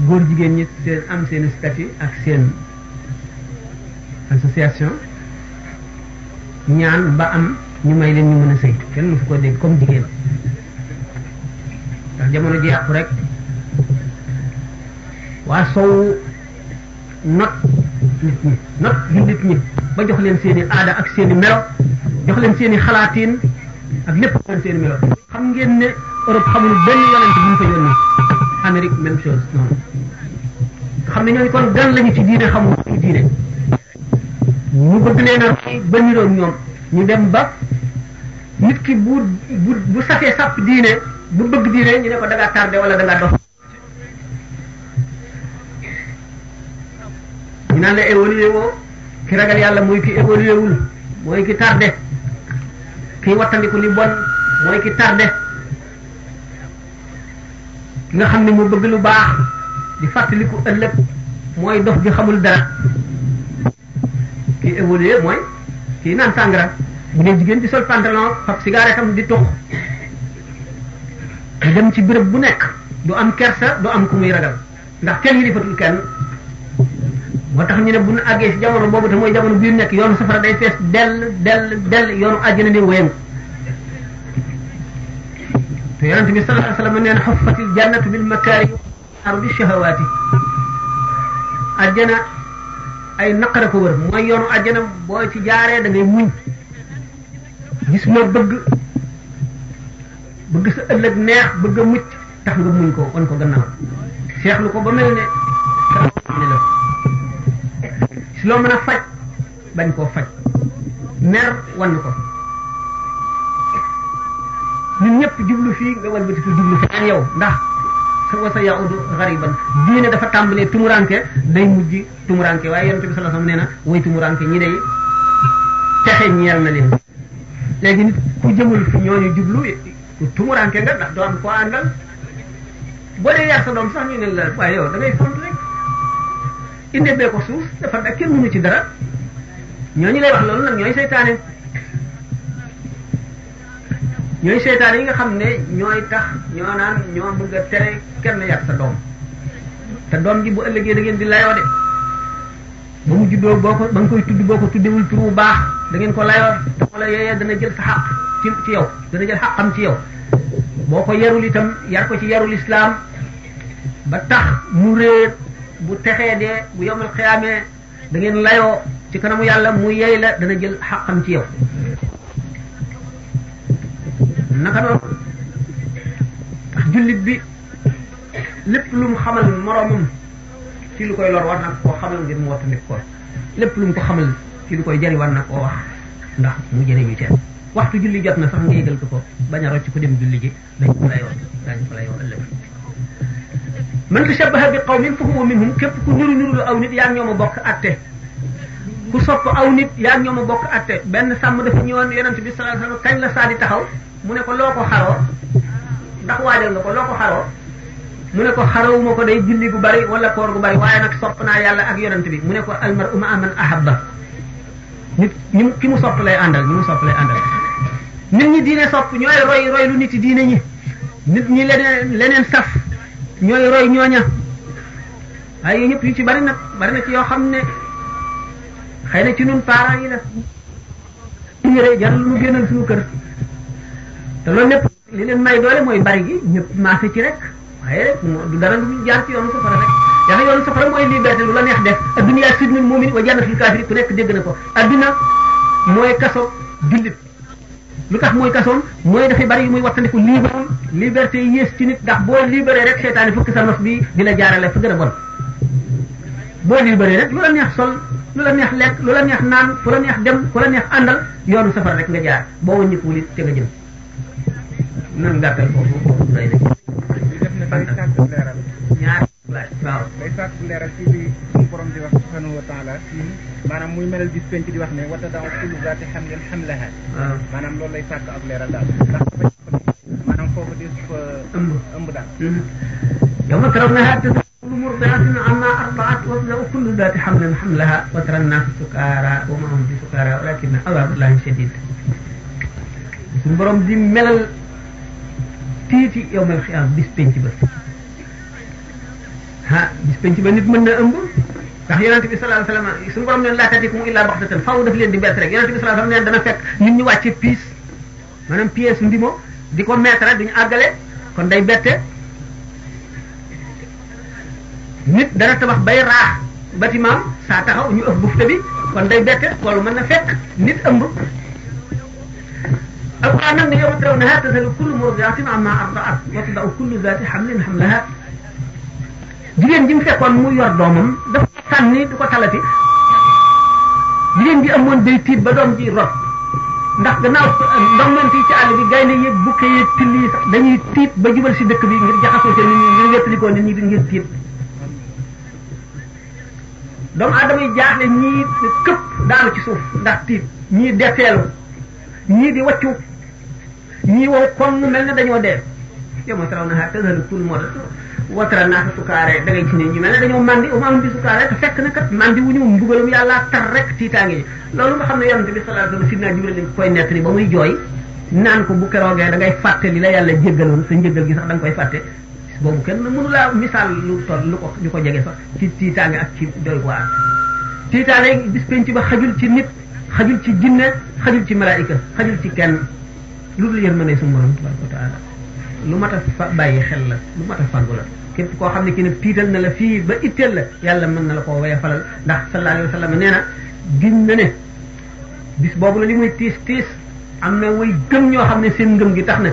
góor jigéen ñi seen am seen statut ak seen association ñaan ba am ñu may leen ñu mën a sëy kenn mu su ko dégg comme jigéen ndax jamono ji yàqu rek waa sow not nit ñi not yi nit ñi ba jox leen seen i ak seeni i melo jox leen seen i ak lépp leen melo xam ngeen ne Europe xamul benn yonent bu ñu fa yónni Amérique même noonu xam ne ñooñu kon gan lañu ci diine xamul ci diine ñu bëgg leen a ba niroon ñoom ñu dem nit ki bu bu bu safee sàpp diine bu bëgg diine ñu ne ko da ngaa tardé wala da ngaa ñu naan la évolué ki ragal yàlla mooy ki évolué wul mooy ki tardé ki wattandiku li bon mooy ki tardé ki nga xam ne mu bëgg lu baax di fàttaliku ëllëg mooy dof gi xamul dara ki évolué mooy kii naan sàngara bu dee jigéen di sol pantalon fab cigarette am di tux mu ci béréb bu nekk du am kersa du am ku muy ragal ndax kenn yilifatul kenn moo tax ñu ne bu ñu àggee ci jamono boobu te mooy jamono bii nekk yoonu safara day fees dell dell dell yoonu àjjana ni wéyam te yonente bi sallallahu alayhi wasallam neen xuffatil jannatu bil makaari ardi shahawaati àjjana ay naqara ko wër mooy yoonu àjjana boo ci jaaree da muñ gis nga bëgg bëgg sa ëllëg neex bëgg a mucc tax nga muñ ko wan ko gannaaw seexlu ko ba mel ne si loo mën a faj bañ koo faj mer wan ko ñun ñëpp jublu fii nga walbati ko jublu feneen yow ndax sa wasa yaudu xariban diine dafa tàmbalee tumuranke day mujj tumuranke waaye yonent bi sallallahu alayhi wasallam nee na way tumuranke ñi day texe ñeel na leen léegi nit ku jëmul fi ñooñu jublu tumuranke nga ndax doo am koo àndal boo dee yar sa doom sax ñu ne la waaye yow da ngay font rek inde bee ko suuf dafa dak kenn mënu ci dara ñoo ñu lay wax loolu nag ñooy seytaane ñooy seytaane yi nga xam ne ñooy tax ñoo naan ñoo bëgg a tere kenn yar sa doom te doom ji bu ëllëgee da ngeen di layoo de ba mu juddoo boo ko ba nga koy tudd boo ko tuddewul tur bu baax da ngeen ko layoo wala dana jël sa xaq ci yow dana jël xaqam ci yow boo ko yarul itam yar ko ci yarul islaam ba tax mu réer bu texee dee bu yomul xiyaamee da ngeen layoo ci kanamu yàlla mu yey la dana jël xaqam ci yow naka noonu tax jullit bi lépp lu mu xamal moroomam ci lu koy lor war na koo xamal ngir mu wattandik ko lépp lu mu ko xamal ci lu koy jëriñ war na koo wax ndax mu jëriñu ceeb waxtu julli jot na sax nga yëgal ko ko bañ a rocc ko dem julli ji dañ ko lay wax dañ ko lay wax bi qawmin fa huwa ku niru niru lu aw nit yaa ngi ñoom a bokk atte ku sopp aw nit yaa ñoom a bokk atte benn sàmm dafa ñëwoon yonent bi sallallahu alayhi wasallam kañ la saa di taxaw mu ne ko loo ko xaroo ndax waajal nga ko loo ko xaroo mu ne ko xarawuma ko day julli gu bari wala koor gu bari waaye nag sopp naa yàlla ak yonent bi mu ne ko almar'u ma'a man ahabba nit ñi ki mu sopp lay àndal ñi mu sopp lay àndal nit ñi diine sopp ñooy roy nit yi diine ñi nit ñi leneen leneen saf ñooy roy ñooña waaye ñépp yëpp ci bari nag bari na ci yoo xam ne xëy na ci ñun parents yi la yére jar lu génnal suñu kër te loolu lépp li leen may doole mooy bari gi ñëpp maase ci rek waaye du dara lu jaar ci yoonu safara rek yaa yoonu safara mooy liberté lu la neex def adduna sijnul mu'min wa jannatul kaafir ku nekk dégg na ko adduna mooy kaso jullit lu tax mooy kason mooy dafay bari yu muy wattandiku libre liberté yées ci nit ndax boo libéré rek seytaane fukki sa nos bi di la jaarale fa gën a bon boo libéré rek lu la neex sol lu la neex lekk lu la neex naan fu la neex dem fu la neex àndal yoonu safara rek nga jaar boo wëññikuwul it te nga jëm nan gàttal day sàkku leeral ñaar waaw day sàkku leeral ci li suñu borom di wax subhanahu wa taala maanaam muy melal bis penc di wax ne wata daaw kullu zaati hamlin hamlaha maanaam loolu lay sàkk ak leeral daal ndax maanaam foofu di fa ëmb ëmb daal yawma tarawnaha تقول مرضعة عما أرضعت وتضع كل ذات حمل حملها وترى الناس سكارى وما هم بسكارى ولكن عذاب الله شديد. suñu borom di melal tiiti yowmal xiyaam bis penc ba ah bis ba nit mën na ëmb ndax yonent bi sallallahu alayhi wasallam suñu borom neen laa tatikum illaa baxtatan faaw daf leen di bett rek yonent bi sallallahu alayhi wasallam neen dana fekk nit ñu wàcce piis maanaam pièce ndimo di ko mettre duñu àggale kon day bette nit dana tabax bay raax bâtiment saa taxaw ñu ëpp bufte bi kon day bette loolu mën na fekk nit ëmb القرآن أن يوم ترونها تذهل كل مرضعة عما أرضعت وتضع كل ذات حمل حملها jigéen ji mu fekkoon mu yor doomam dafa sànni du ko talati jigéen ji amoon day tiit ba doom ji rot ndax gannaaw ndox fii ci àll bi gaynde yëg bukke yëg till yi sax dañuy tiit ba jubal si dëkk bi ngir jaxasoo ci nit ñi ngir di ngir tiit doomu aadama yi jaaxle ñii këpp daanu ndax tiit ñii defeelu ñii di waccu ñii wow kon mel na dañoo dee yow ma taraw na xaar tënhalu kul moo tax watara naa sa sukaare da ngay ci mel ne dañoo mandi au moins bi sukaare te fekk na kat mandi wu ñu mbugalum yàlla tar rek tiitaange yi loolu nga xam ne yonente bi sallallahu alayhi wasallam sidna Jibril li koy nett ni ba muy jooy naan ko bu keroogee da ngay fàtte li la yàlla jéggaloon sa njëggal gi sax da nga koy fàtte boobu kenn mënu misaal lu toll lu ko lu ko jege sax ci tiitaange ak ci doy waar tiitaange bis penc ba xajul ci nit xajul ci jinne xajul ci malaayika xajul ci kenn lu dul yërmande suñu borom tabaraka wa taala lu mat a fa bàyyi xel la lu mat a fàggu la képp koo xam ne ki ne tiital na la fii ba itteel la yàlla mën na la koo waye falal ndax sallallahu alayhi wa sallam nee na giñ ne bis boobu la li muy tiis tiis am na way gëm ñoo xam ne seen ngëm gi tax na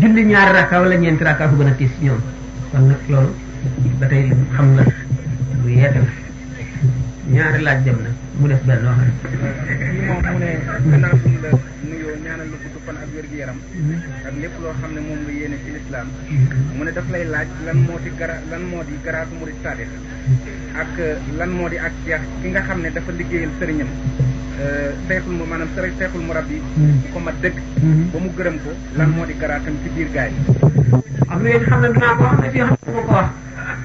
julli ñaari rakka wala ñeenti rakka fu gën a tiis ñoom ba tey xam na lu yeete la ñaari laaj dem na mu def benn wax moom mu ne gannaaw bi la nuyoo ñaanal lu gudd ak wér yaram ak lépp loo xam ne moom nga yéene ci lislaam mu ne daf lay laaj lan moo di gara lan moo di garaatu murid saadix ak lan moo di ak jeex ki nga xam ne dafa liggéeyal sëriñam eh, seexul mu maanaam sëriñ seexul mu rab yi bu mm-hmm. ko ma dëgg mm-hmm. ba mu gërëm ko lan moo di garaatam ci biir gaay yi am na xam ne dinaa ko wax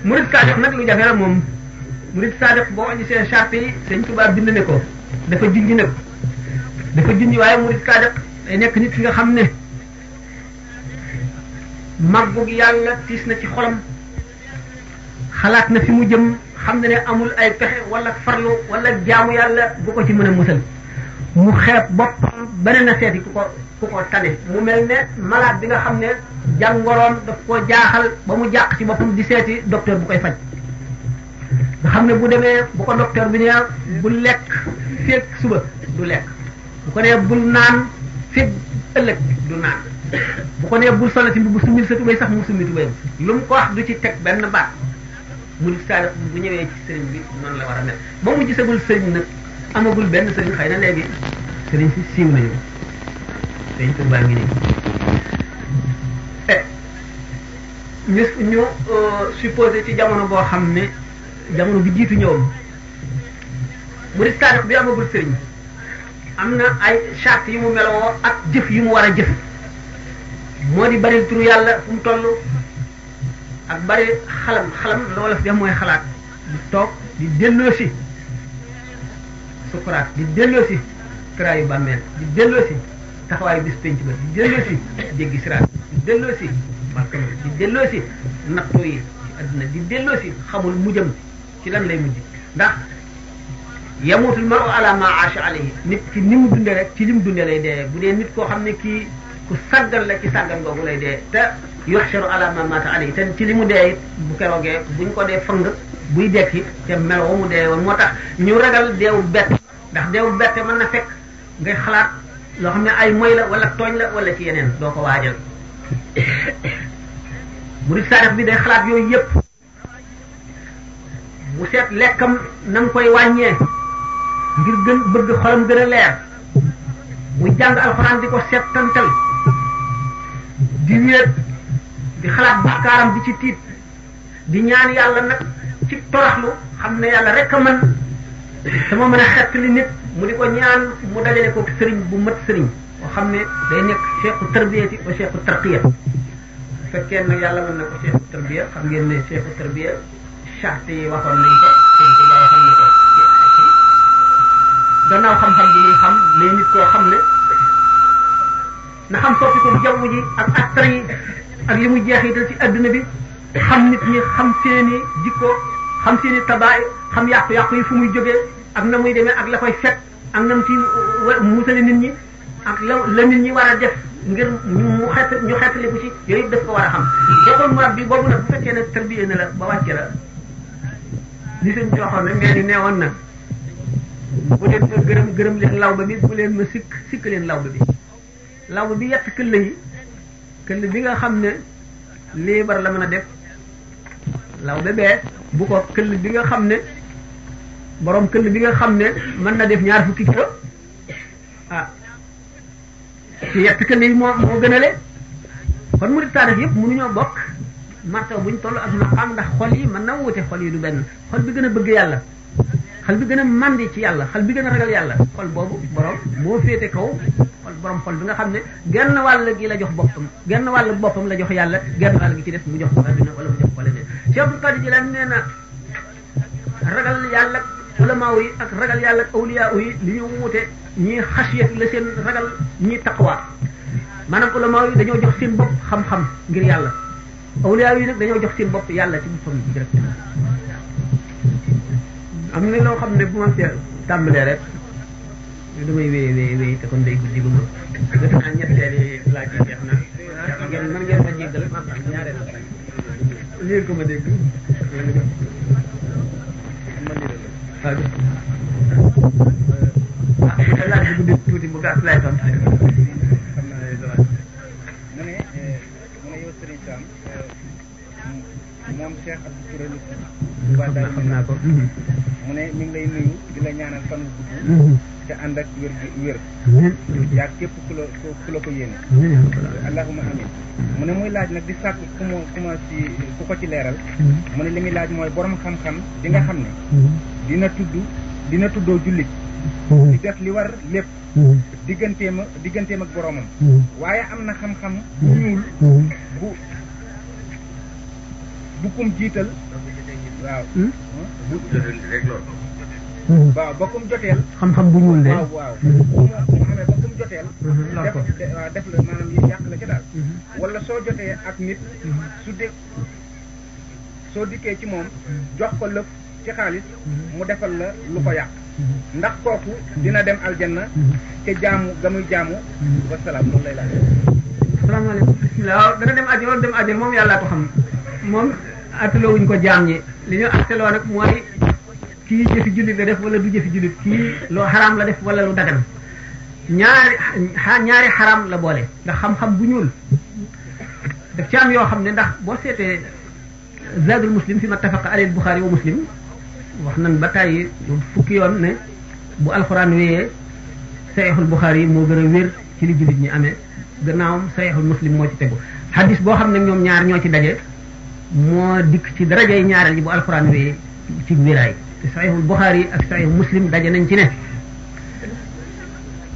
na ci nag lu jafe la moom murid sadiq boo ñu seen charte yi sëñ Tuubaa bind ne ko dafa junj nag dafa junj waaye murid sadiq day nekk nit fi nga xam ne màggug yàlla tiis na ci xolam xalaat na fi mu jëm xam na ne amul ay pexe wala farlu wala jaamu yàlla bu ko ci mën a musal mu xeeb boppam beneen na seeti ku ko ku ko tane mu mel ne malaat bi nga xam ne jàngoroom daf koo jaaxal ba mu jàq ci boppam di seeti docteur bu koy faj nga xam ne bu demee bu ko docteur bi nee ah, bu lekk fekk suba du lekk bu ko nee bul naan fekk ëllëg du naan bu ko nee bul solati bu sumil sa tubay sax mu sumil tubayam lu mu ko wax du ci teg benn baat mu saa bu ñëwee ci sëriñ bi noonu la war a mel ba mu gisagul sëriñ nag amagul benn sëriñ xay na léegi sëriñ si siiw nañu sëriñ Tuubaa ngi nii eh, ñu ñu euh, supposé ci jamono boo xam ne jamono bi jiitu ñëwam murid saadiq bi amagul sëriñ am na ay charte yu mu meloo ak jëf yu mu war a jëf moo di bari turu yàlla fu mu toll ak bari xalam xalam la wala mooy xalaat di toog di delloosi sukuraat di delloosi kiraayu bàmmeel di delloosi taxawaayu bis penc ba di delloosi jéggi siraat di delloosi barkam di delloosi nattu yi ci àdduna di delloosi xamul mujjam ci lan lay mujj ndax yamutul maru ala ma aasha alayhi nit ki ni mu dunde rek ci li mu dunde lay dee bu dee nit koo xam ne kii ku sàggan la ci sàggan googu lay dee te yuxsharu ala ma maata alayhi te ci li mu dee bu bu keroogee buñ ko dee fëng buy dekki te meloo mu dee woon moo tax ñu ragal deewu bett ndax deewu bett mën na fekk ngay xalaat loo xam ne ay moy wala tooñ la wala ci yeneen doo ko waajal murid saadix bi day xalaat yooyu yëpp mu seet lekkam na nga koy wàññee ngir gën bëgg xolam gën a leer mu jàng alxuraan di ko seetantal di wéet di xalaat bàkkaaram di ci tiit di ñaan yàlla nag ci toraxlu xam ne yàlla rek a mën sama mën a xett li nit mu di ko ñaan mu dajale ko sëriñ bu mat sëriñ boo xam ne day nekk seexu tarbiyati wa seexu tarqiya fekkee nag yàlla mën na ko seexu tarbiya xam ngeen ne seexu tarbiya charte yi waxoon nañ ko ci ci gannaaw xam-xam bi ñuy xam les nit koo xam ne na xam ko jaww ji ak acteurs yi ak li mu jeexital ci adduna bi xam nit ñi xam seeni jikko xam seeni tabaay xam yàqu-yàqu yi fu muy jógee ak na muy demee ak la koy fekk ak na mu ci muusale nit ñi ak la la nit ñi war a def ngir mu xet ñu xetaliku ci yooyu daf ko war a xam. boo ko murabbi boobu nag fekkee ne tarbiyé na la ba wàcce la. li sëñ bi waxoon nag nee nañ neewoon na bu leen ma gërëm gërëm leen lawba bi bu leen ma sikk sikk leen lawba bi lawba bi yett këll yi këll bi nga xam ne liibar la mën a def lawba bee bu ko këll bi nga xam ne boroom këll bi nga xam ne mën na def ñaar fukki kilo ah ci yett këll yi moo moo gën a le kon murit taarix yëpp mënuñoo bokk martaba bu ñu toll ak maqaam ndax xol yi man na wute xol yi du benn xol bi gën a bëgg yàlla xol bi gën a màndi ci yàlla xol bi gën a ragal yàlla xol boobu borom moo féete kaw xol borom xol bi nga xam ne genn wàll gi la jox boppam genn wàll boppam la jox yàlla genn wàll gi ci def mu jox ko adduna wala mu jox ko leneen Cheikh Abdou Qadir Jilani nee na ragal yàlla ulamaaw yi ak ragal yàlla ak awliyaa yi li ñu wuute ñii xasiyat la seen ragal ñii taqwa maanaam ulamaaw yi dañoo jox seen bopp xam ngir yàlla awliyaa yi nag dañoo jox seen bopp yàlla ci boppam directement am na loo xam ne bu ma see tàmbalee rek damay wéy wéy wéy te kon day guddi ba ma def naa ñetteeli laaj yi jeex na ngeen mën ngeen ma dégg waaw ah, laaj tuuti bu gàtt lay tontu xam naa ko mu ne mhm. mi ngi lay nuyu di ñaanal fan bu gudd mhm. te ànd ak wér wér yaa képp ku la ko yéene allahuma amin mhm. mu ne muy laaj nag di sàkk ku mu ku ma ci ku ko ci leeral mu ne li muy laaj mooy boroom xam-xam di nga xam ne dina tudd dina tuddoo jullit di def li war lépp digganteem digganteem ak boromam waaye am na xam-xam bu ñuul bu bu kum jiital waaw. Hmm? Hmm. waaw ba kum joteel. Hmm. xam-xam bu ñuul de. waaw waaw bu xamee ba kum joteel. def def la maanaam yi yàq la ca daal. wala soo jotee ak nit. su dee soo dikkee ci moom. jox ko lëf ci xaalis. mu defal la lu ko yàq. ndax kooku dina dem aljanna. te jaamu ga muy jaamu. wasalaam loolu lay laaj. asalaamaaleykum. waaw dana dem aljanna wala dem aljanna moom yàlla ko xam moom. atteloo wuñ ko jaam ñi li ñu atteloo nag mooy kii jëfi jullit la def wala du jëfi jullit kii loo xaraam la def wala lu dagan ñaari ñaari la boole ndax xam-xam bu ñuul daf ci am yoo xam ne ndax boo seetee zadul muslim si ma tafaqa alil buxaari wa muslim wax nan ba tàyyi fukki yoon ne bu alxuraan wéyee sayxul buxaari moo gën a wér ci li jullit ñi amee gannaawam sayxul muslim moo ci tegu xadis boo xam ne ñoom ñaar ñoo ci daje moo dikk ci darajay ñaareel ji bu alquran wee ci wiraay te buxaari ak saxiixu muslim daje nañ ci ne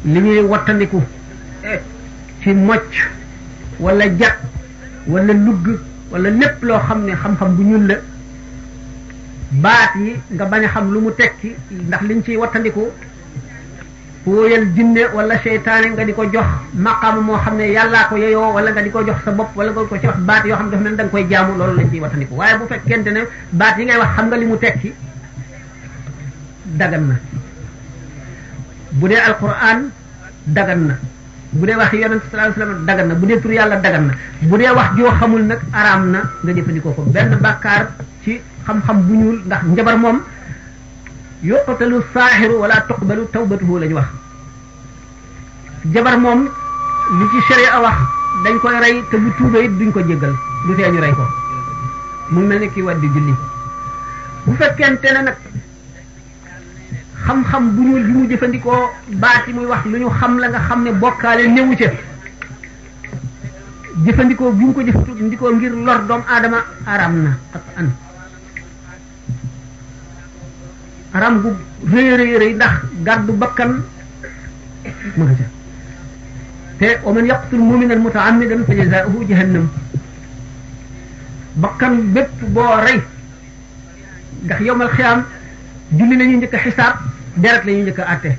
li ñuy wattandiku ci mocc wala jat wala lugg wala lépp loo xam ne xam-xam bu ñuul la baat yi nga bañ xam lu mu tekki ndax liñ ciy wattandiku wóoyal jinne wala seytaane nga di ko jox maqaama moo xam ne yàllaa ko yeyoo wala nga di ko jox sa bopp wala nga ko jox baat yoo xam ne dafa mel da nga koy jaamu loolu lañ ciy watandiku waaye bu fekkente ne baat yi ngay wax xam nga li mu tekki dagan na bu dee alquran dagan na bu dee wax yonent sallallahu alayhi wasallam dagan na bu dee yàlla dagan na bu dee wax joo xamul nag araam na nga jëfandikoo ko benn bàkkaar ci xam-xam bu ñuul ndax njabar moom yuqtalu saaxiru wala tuqbalu tawbatuhu lañu wax jabar moom li ci sharia wax dañ koy rey te bu tuubee it duñ ko jéggal du tee ñu rey ko mu mel ne kii waddi julli bu fekkente ne nag xam-xam bu ñu lu mu jëfandikoo baati muy wax lu ñu xam la nga xam ne bokkaale néewu ca jëfandikoo bu ñu ko jëfandikoo ngir lor doomu aadama aram na ak an ram gu rëy rëy rëy ndax gàddu bakkan mu nga ca te wa man yaqtul muminan mutaamidan fa jazaa'uhu jahannam bakkan bépp boo rey ndax yowmal xiyaam julli la ñuy njëkk a xisaab deret la ñuy àtte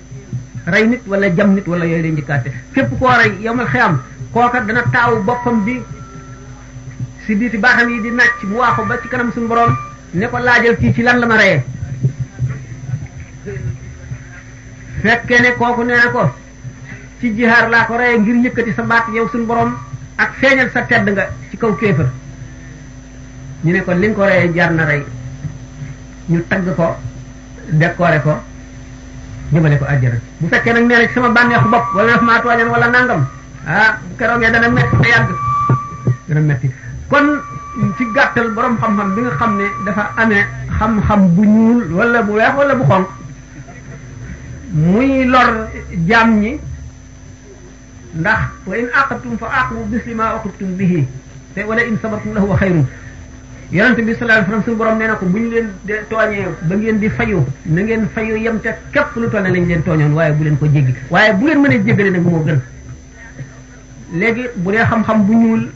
rey nit wala jam nit wala yooyu la ñuy àtte képp koo rey yowmal xiyaam kooka dana taaw boppam bi si biiti baaxam yi di nàcc mu waaxu ba ci kanam suñu borom ne ko laajal kii ci lan la ma reyee fekkee ne kooku nee na ko ci jihaar laa ko reye ngir yëkkati sa baat yow suñu borom ak feeñal sa tedd nga ci kaw kéefër ñu ne ko li nga ko reye jar na rey ñu tagg ko décoré ko jëmale ko àjjana bu fekkee nag nee na sama bànneexu bopp wala daf maa tooñoon wala nangam ah keroogee dana metti kon ci gàttal borom xam-xam bi nga xam ne dafa amee xam-xam bu ñuul wala bu weex wala bu xonq muy lor jaam ñi ndax wa in aqabtum fa aqibu misli ma uqibtum bihi te wala in sabartum lahu wa xayrun yonente bi sallallahu alayhi wasallam suñu borom nee na ko bu ñu leen tooñee ba ngeen di fayu na ngeen fayu yem te képp lu toll ne lañ leen tooñoon waaye bu leen ko jéggi waaye bu leen mënee jéggale nag moo gën léegi bu dee xam-xam bu ñuul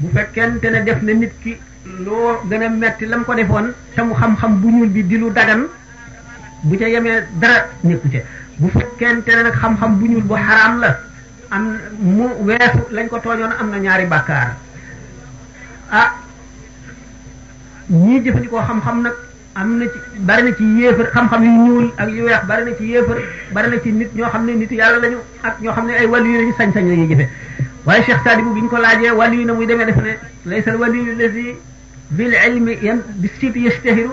bu fekkente ne def na nit ki loo gën a metti la mu ko defoon te mu xam-xam bu ñuul bi di lu dagan bu ca yemee dara nekku ca bu fekkente ne nag xam-xam bu ñuul bu xaraam la am mu weesu lañ ko tooñoon am na ñaari bàkkaar ah ñii jëfandikoo xam-xam nag am na ci bari na ci yéefar xam-xam yu ñuul ak yu weex bari na ci yéefar bari ci nit ñoo xam ne nit yàlla lañu ak ñoo xam ne ay wàllu yu lañu sañ-sañ la ñuy jëfe waaye Cheikh Sadibou bi ñu ko laajee wàllu na muy demee def ne laysal wàllu yu di bil ilmi bi siit yashtahiru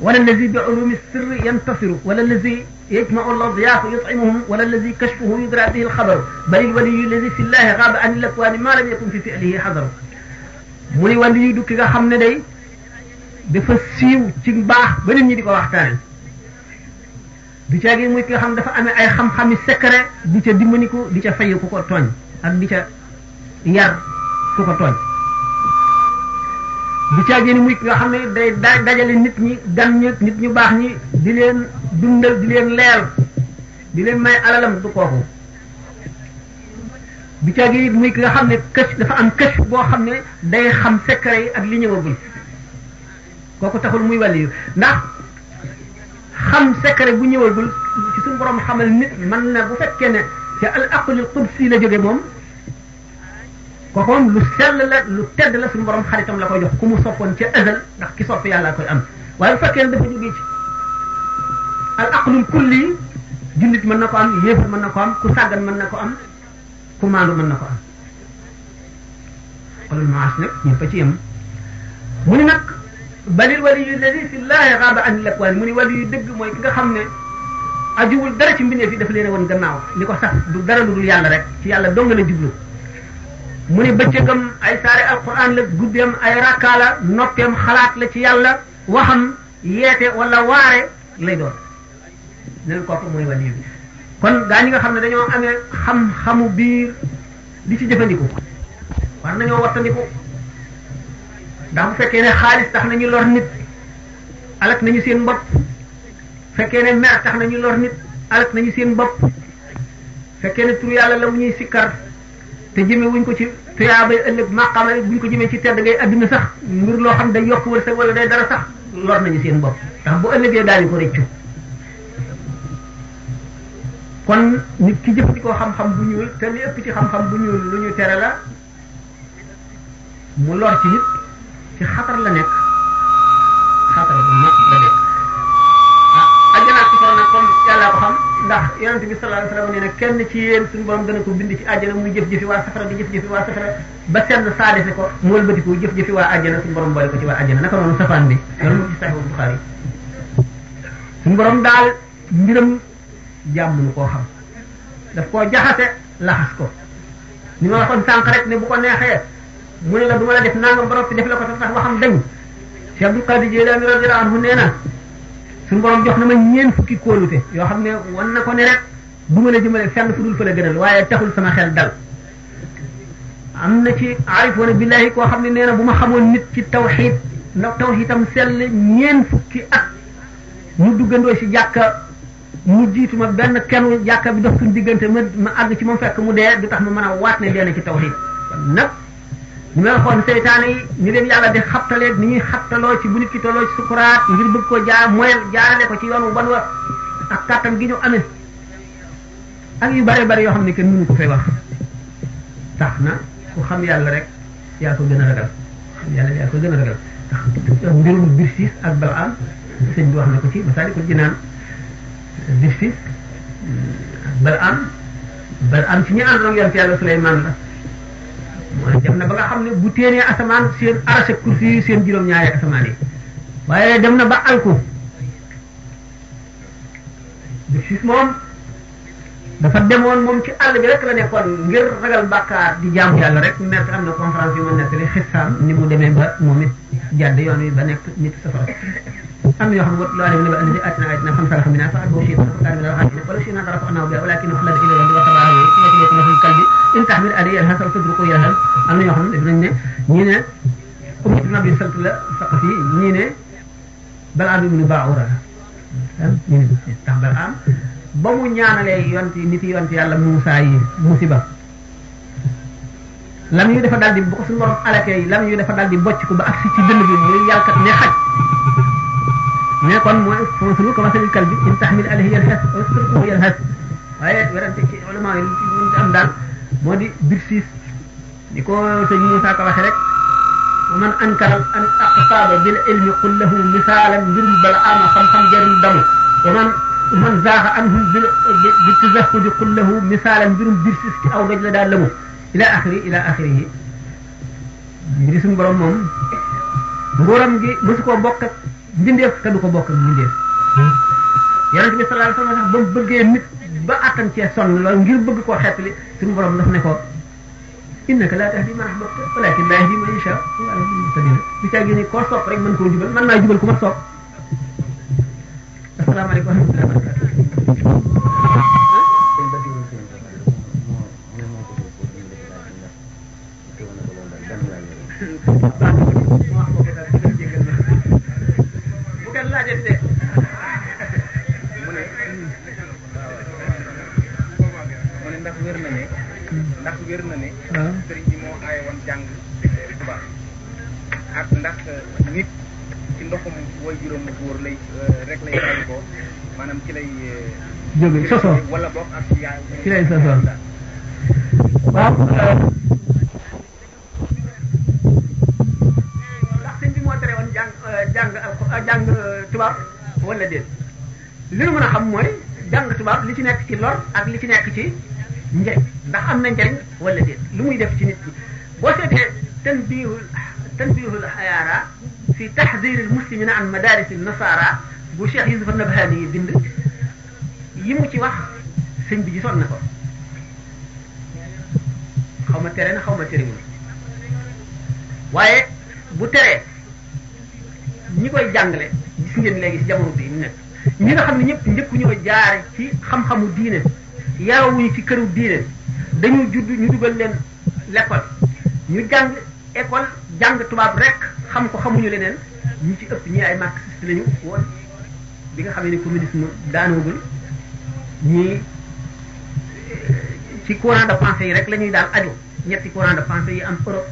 wala allazi bi ulumi sirri yantasiru wala allazi yajmau ladyafa yutcimuhum wala allazi kashfuhu yudra bihi alxabaru bal ilwaliyu allazi fi llahi xaaba an ilakwani ma lam yakun fi filihi xadaru mu ni wàllu yu dukki nga xam ne day dafa siiw ci mbaax ba nit ñi di ko waxtaane du caagi muy ki nga xam dafa amee ay xam-xami secret di ca dimbali ko di ca fay ku ko tooñ ak di ca yar ku ko tooñ du caagee ni mu nga xam ne day dajale nit ñi gan nit ñu baax ñi di leen dundal di leen leer di leen may alalam du kooku du caagee it muy nga xam ne kës dafa am kës boo xam ne day xam secret ak li ñëwagul kooku taxul muy wàllu ndax xam secret bu ñëwagul ci suñu borom xamal nit mën na bu fekkee ne ci al aqlul qudsi la jóge moom. kookoon lu sell la lu tedd la suñu borom xaritam la koy jox ku mu soppoon ca azal ndax ki sopp yàlla koy am waaye bu fekkee dafa jógee ci al aqlul kulli jullit mën na ko am yéefar mën na ko am ku sàggan mën na ko am ku maandu mën na ko am xolul maas nag ñëpp ci yem mu ni nag balil wali yu ladi fi llaahi raaba an lakwaan mu ni wali yu dëgg mooy ki nga xam ne ajuwul dara ci mbindeef yi dafa woon gannaaw li ko sax du dara lu dul rek ci yàlla dong la jublu mu ne bëccëgam ay saari alquran la guddeem ay rakkaa la noppeem xalaat la ci yàlla waxam yeete wala waare lay doon nen kooku mooy waliyu bi kon gaa ñi nga xam ne dañoo amee xam-xamu biir di ci jëfandiku war nañoo wattandiku ndax bu fekkee ne xaalis tax nañu lor nit alak nañu seen bopp fekkee ne nañu lor nit alak nañu seen bopp fekkee ne tur yàlla la wu ñuy sikkar te jëme wuñ ko ci tuyaabay ëllëg maqaama rek buñ ko jëmee ci tedd ngay adduna sax ngir loo xam day yokk wërsëg wala day dara sax lor nañu seen bopp ndax bu ëllëgee daañu ko rëccu kon nit ki jëfandikoo xam-xam bu ñuul xam-xam bu ñuul lu ñu tere la mu lor ci ci xatar la nekk xatar la nekk ah ajjanaat ci kon nag xam ndax yonente bi sallallahu alayhi wasallam nee na kenn ci yéen suñu borom dana ko bind ci àjjana muy jëf-jëfi waa safara di jëf-jëfi waa safara ba senn saadese ko mu wëlbatiku jëf-jëfi waa àjjana suñu borom boole ko ci waa àjjana naka noonu safaan bi loolu mu ci Sahih Bukhari suñu borom daal mbiram jàmm lu koo xam daf koo jaxase laxas ko ni ma waxoon sànq rek ne bu ko neexee mu ne la du ma la def nangam borom fi def la ko tax waxam dañ Cheikh Abdul Qadir Jilani radiyallahu anhu nee na suñu borom jox na ma ñeen fukki kóolute yoo xam ne wan na ko ne bu du ma la jëmale fenn fu dul fa la gënal waaye taxul sama xel dal am na ci aarifoona billahi koo xam ne nee na bu ma xamoon nit ci tawxiid ndax tawxiidam sell ñeen fukki at mu duggandoo ci jàkka mu jiitu ma benn kenn jàkka bi dox suñu diggante ma ma àgg ci moom fekk mu dee du tax ma mën a ne dee na ci tawxiid nag mu mel xoon seytaane yi ñu leen yàlla di xattalee ni ñuy xattaloo ci bu nit ki tolloo ci sukuraat gir bëgg ko jaar moyal jaarale ko ci yoon wu bon wa ak kàttan gi ñu amee ak yu bare bare yoo xam ne kenn mënu ko fay wax tax na ku xam yàlla rek yaa ko gën a ragal xam yàlla yaa ko gën a ragal tax mbirum Birsiis ak Balaam sëñ bi wax na ko ci Masaalikul Jinaan Birsiis ak Balaam Suleymaan la dem na ba nga xam ne bu téenee asamaan seen arase kursi seen juróom-ñaari asamaan yi waaye dem na ba alku def moom dafa demoon moom ci àll bi rek la nekkoon ngir ragal bàkkaar di jaamu àll rek nekk am na conférence yu ma nettali xisaam ni mu demee ba moom it jàdd yoon wi ba nekk nit safara am yoo xam nga loolu la andi atina atina xam sala xam naa fa at boo siy wala si naa dara fa anaaw bi walakin xalal ila wa tabaarahu in tahmil alayhi yalhas aw tatruku yalhas am na ñoo xam ne dinañ ne ñii ne ummu nabi sant la saqafi ñii ne balaa bi mu nu baawura ñii ne tax balaam ba mu ñaanalee yonti nit yi yonti yàlla Muusaa yi musiba lam yu dafa daal di bu ko suñu borom alakee yi lam yu dafa daal di bocc ko ba agsi ci dënn bi muy yàlkat ne xaj mais kon mooy fonsulu ko masalil kalbi in tahmil alayhi yalhas aw tatruku yalhas waaye werante ci ulama yi am daal moo di bir siis ni ko sëñ Moussa Ka waxe rek wa man ankara an aqtaaba bil ilmi qul lahu misaalan mbirum bala ama xam-xam jëriñ damu wa man man zaaxa anhum bi bi tazahudi qul lahu misaalan mbirum bir siis ci aw doj la daal lamu ila axiri ila axiri yi mbiri suñu borom moom nguuram gi mësu koo bokk ak mbindeef te du ko bokk ak mbindeef hmm. yonent bi sallallahu alayhi wasallam sax ba mu bëggee nit ba attan cee sonn lool ngir bëgg koo xettali suñu borom daf ne ko innaka laa tahdi man ahbabta walakin laa yahdi man yashaa du caa génne koo sopp rek mën koo jubal mën naa jubal ku ma sopp asalaamaaleykum wa rahmatulah àdduna bi sosoo ci lay sosoo waaw jàng alxuraan euh, jàng euh, euh, tubaab wala déet li nu mën a xam mooy jàng tubaab li ci nekk ci lor ak li ci nekk ci njëriñ ndax am na njëriñ wala déet lu muy def ci nit ki boo seetee tanbihul tanbihul xayaara fi taxdiril muslimina an madaris nasara bu cheikh yusuf nabhani yi bind yi mu ci wax sëñ bi gisoon na ko xaw ma tere na xaw ma terewul waaye bu teree ñi koy jàngale gis ngeen léegi ci jamono bii ñu nekk ñi nga xam ne ñëpp njëkkuñoo jaar ci xam-xamu diine yarawuñu ci këru diine dañu judd ñu dugal leen l'école ñu jàng école jàng tubaab rek xam ko xamuñu leneen ñu ci ëpp ñi ay marxiste lañu woon bi nga xam ne ni communisme daanoogul ñii ci courant de pensée yi rek la ñuy daal ajo ñetti courant de pensée yi am Europe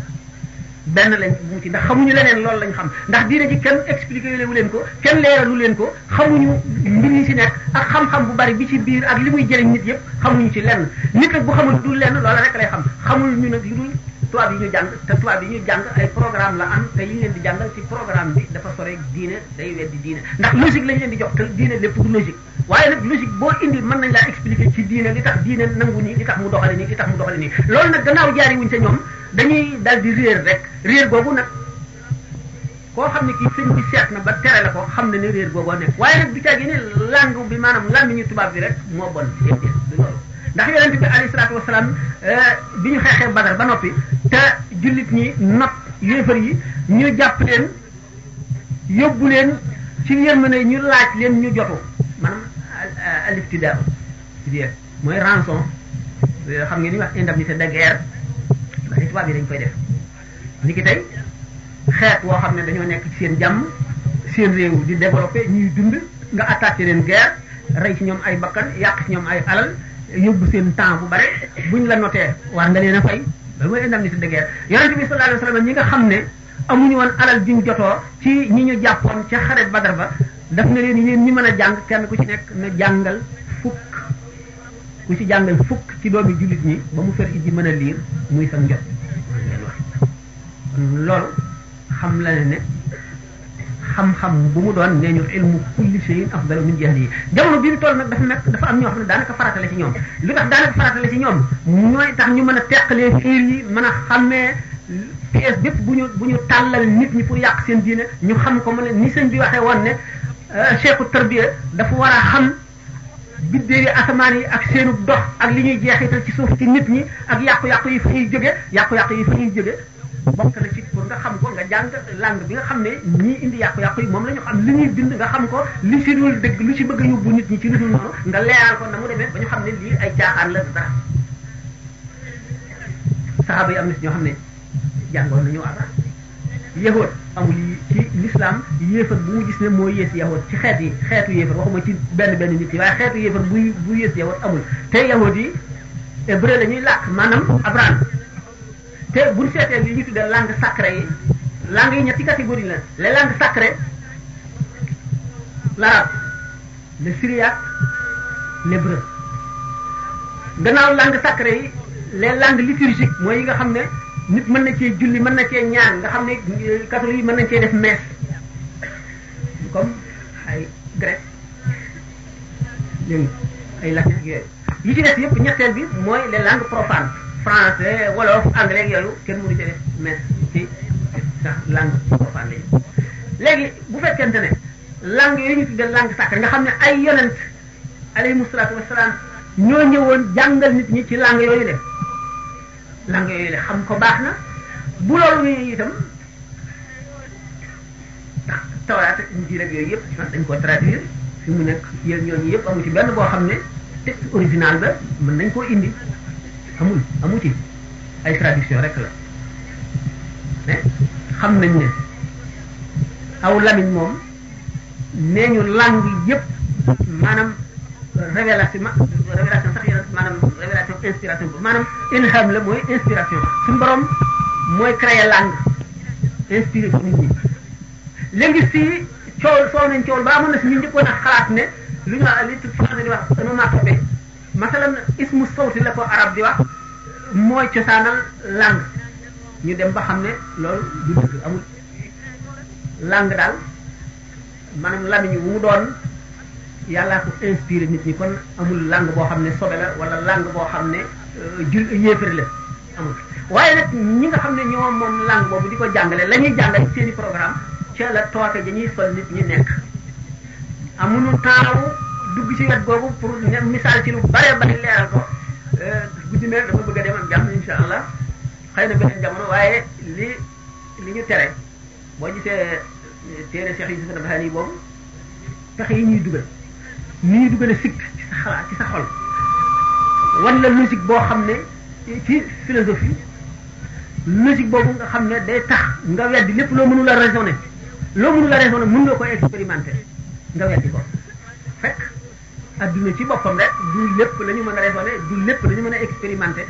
benn lañ bu ci ndax xamuñu leneen loolu lañu xam ndax diine ji kenn expliqué wu leen ko kenn leeralu leen ko xamuñu mbir yi ci nekk ak xam-xam bu bari bi ci biir ak li muy jëriñ nit yëpp xamuñu ci lenn nit nag bu xamul du lenn loola rek lay xam xamul ñu lu dul tubaab yi ñu jàng te ñu jàng ay programme la am te ñu leen di jàngal ci programme bi dafa sore diine day weddi diine ndax logique lañ leen di jox te diine lépp du logique waaye nag logique boo indi mën nañ laa expliquer diine tax diine nangu nii li tax mu doxale nii tax mu doxale nii loolu nag gannaaw jaari wuñ sa ñoom dañuy dal di réer rek réer googu nag koo xam ne kii sëñ bi seet na ba tere la ko xam ne ne réer googoo nekk waaye nag du caagi ne langue bi maanaam làmmiñu tubaab bi rek moo bon déedéet du loolu ndax yonent bi alayhi euh, bi ñu xeexee badar ba noppi te jullit ñi not yéefar yi ñu jàpp leen yóbbu leen ci yërmande ñu laaj leen ñu jotu man aliftidaa c'est-à-dire mooy rançon euh, xam nga ni wax indemnité de guerre ba ni tubaab yi dañ koy def ni ki tey xeet woo xam ne dañoo nekk ci seen jàmm seen réew di développé ñuy dund nga attaqué leen guerre rey ci ñoom ay bakkan yàq ci ñoom ay alal yóbbu seen temps bu bare buñ la notee war nga leen a fay loolu mooy indemnité de guerre yonent bi sallallahu alayhi wa sallam ñi nga xam ne amuñu woon alal juñ jotoo ci ñi ñu jàppoon ca xaret Badar ba daf na leen yéen ñi mën a jàng kenn ku ci nekk na jàngal fukk ku ci jàngal fukk ci doomi jullit ñi ba mu fer ji mën a liir muy sa njot loolu xam la ne ne xam-xam bu mu doon nee ñu ilmu kulli shay'in afdalu min jahlihi jamono bi ñu toll nag dafa nekk dafa am ñoo xam ne daanaka farata la ci ñoom li tax daanaka ñu mën a teqalee fiir yi mën a xàmmee pièce bépp bu ñu bu ñu tàllal nit ñi pour yàq seen diine ñu xam ko ma ne ni sëñ bi waxee woon ne euh, cheikhu tarbiya dafa war a xam biddéew yi asamaan yi ak seenu dox ak li ñuy jeexital ci suuf ci nit ñi ak yàqu-yàqu yi fa ñuy jóge yàqu-yàqu yi fa ñuy jóge bokk na ci pour nga xam ko nga jàng langue bi nga xam ne ñii indi yàqu-yàqu yi moom la ñu xam li ñuy bind nga xam ko li ci dul dëgg lu ci bëgg a yóbbu nit ñi ci lu dul noonu nga leeral ko na mu demee ba ñu xam ne lii ay caaxaan la dara saxaaba yi am na si ñoo xam ne jàngoon nañu alxuraan yahood amul ci l'islam yéefar bu mu gis ne moo yées yahood ci xeet yi xeetu yéefar waxuma ci benn benn nit yi waaye xeetu yéefar buy bu yées yahood amul te yahood yi hébreu la ñuy làkk maanaam abraham te buñ seetee li ñu tuddee langue sacrée yi langue yi ñetti catégorie la les langues sacrées l'arabe le syriaque l'hébreu gannaaw langue sacrée yi les langues liturgiques mooy yi nga xam ne nit mën na cee julli mën na cee ñaan nga xam ne euh, catholique yi mën nañ cee def messe comme ay grec ay latin yooyu li ci def yëpp ñetteel bi mooy les langues profanes français wolof anglais ak kenn mënu ci def mais ci sax langue profane léegi bu fekkente ne langue yooyu ñu tuddee langue sacrée nga xam ne ay yonent alayhimu salaatu wasalaam ñoo ñëwoon jàngal nit ñi ci langue yooyu le langue yooyu le xam ko baax na bu loolu ñu itam ndax tawraat ak injiil ak yooyu yëpp dañ ko traduire fi mu nekk yéen ñooñu yëpp amu ci benn boo xam ne texte original ba mën nañ koo indi amul amuti ay tradition rek la xam nañ ni aw lamiñ moom nee ñu langue yëpp maanaam révélation révélation sax yéen maanaam révélation inspiration ko maanaam ilham la mooy inspiration suñu borom mooy créer langue inspiré ko nit ñi léegi si coow soow nañ coow ba amoon na si ñu njëkkoon a xalaat ne lu ñu li français di wax dama maa toppee masalan ismu sawti la ko arab di wax mooy cosaanal langue ñu dem ba xam ne loolu du dëgg amul langue daal maanaam lamiñ wu mu doon yàllaa ko inspiré nit ñi kon amul langue boo xam ne sobe la wala langue boo xam ne euh, jul yéefar la amul waaye nag ñi nga xam ne ñoom moom langue boobu di ko jàngale la ñuy jàngale seeni programme ca la tooke ja ñuy sol nit ñi nekk amuñu taawu dugg ci wet googu pour ne misaal ci lu bare bare leeral ko euh, guddi mel dama bëgg a dem ak jàmm insha allah xëy na beneen jamono waaye li li ñu tere boo gisee euh, téere Cheikh Yusuf Nabhani yi boobu pexe yi ñuy dugal ni ñuy dugale sikk ci sa xalaat ci sa xol wan la boo xam ne ci philosophie logique boobu nga xam ne day tax nga weddi lépp loo mënul a raisonner loo mënul a raisonner mën nga koy expérimenter nga weddi ko adduna ci boppam rek du lépp la ñu mën a raisonné du lépp la ñu mën a expérimenté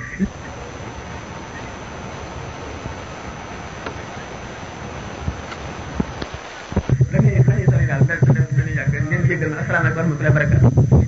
dañuy dañuy sori daal dañuy yàgg ngeen jéggal ma asalaamaaleykum wa rahmatulah barakaatu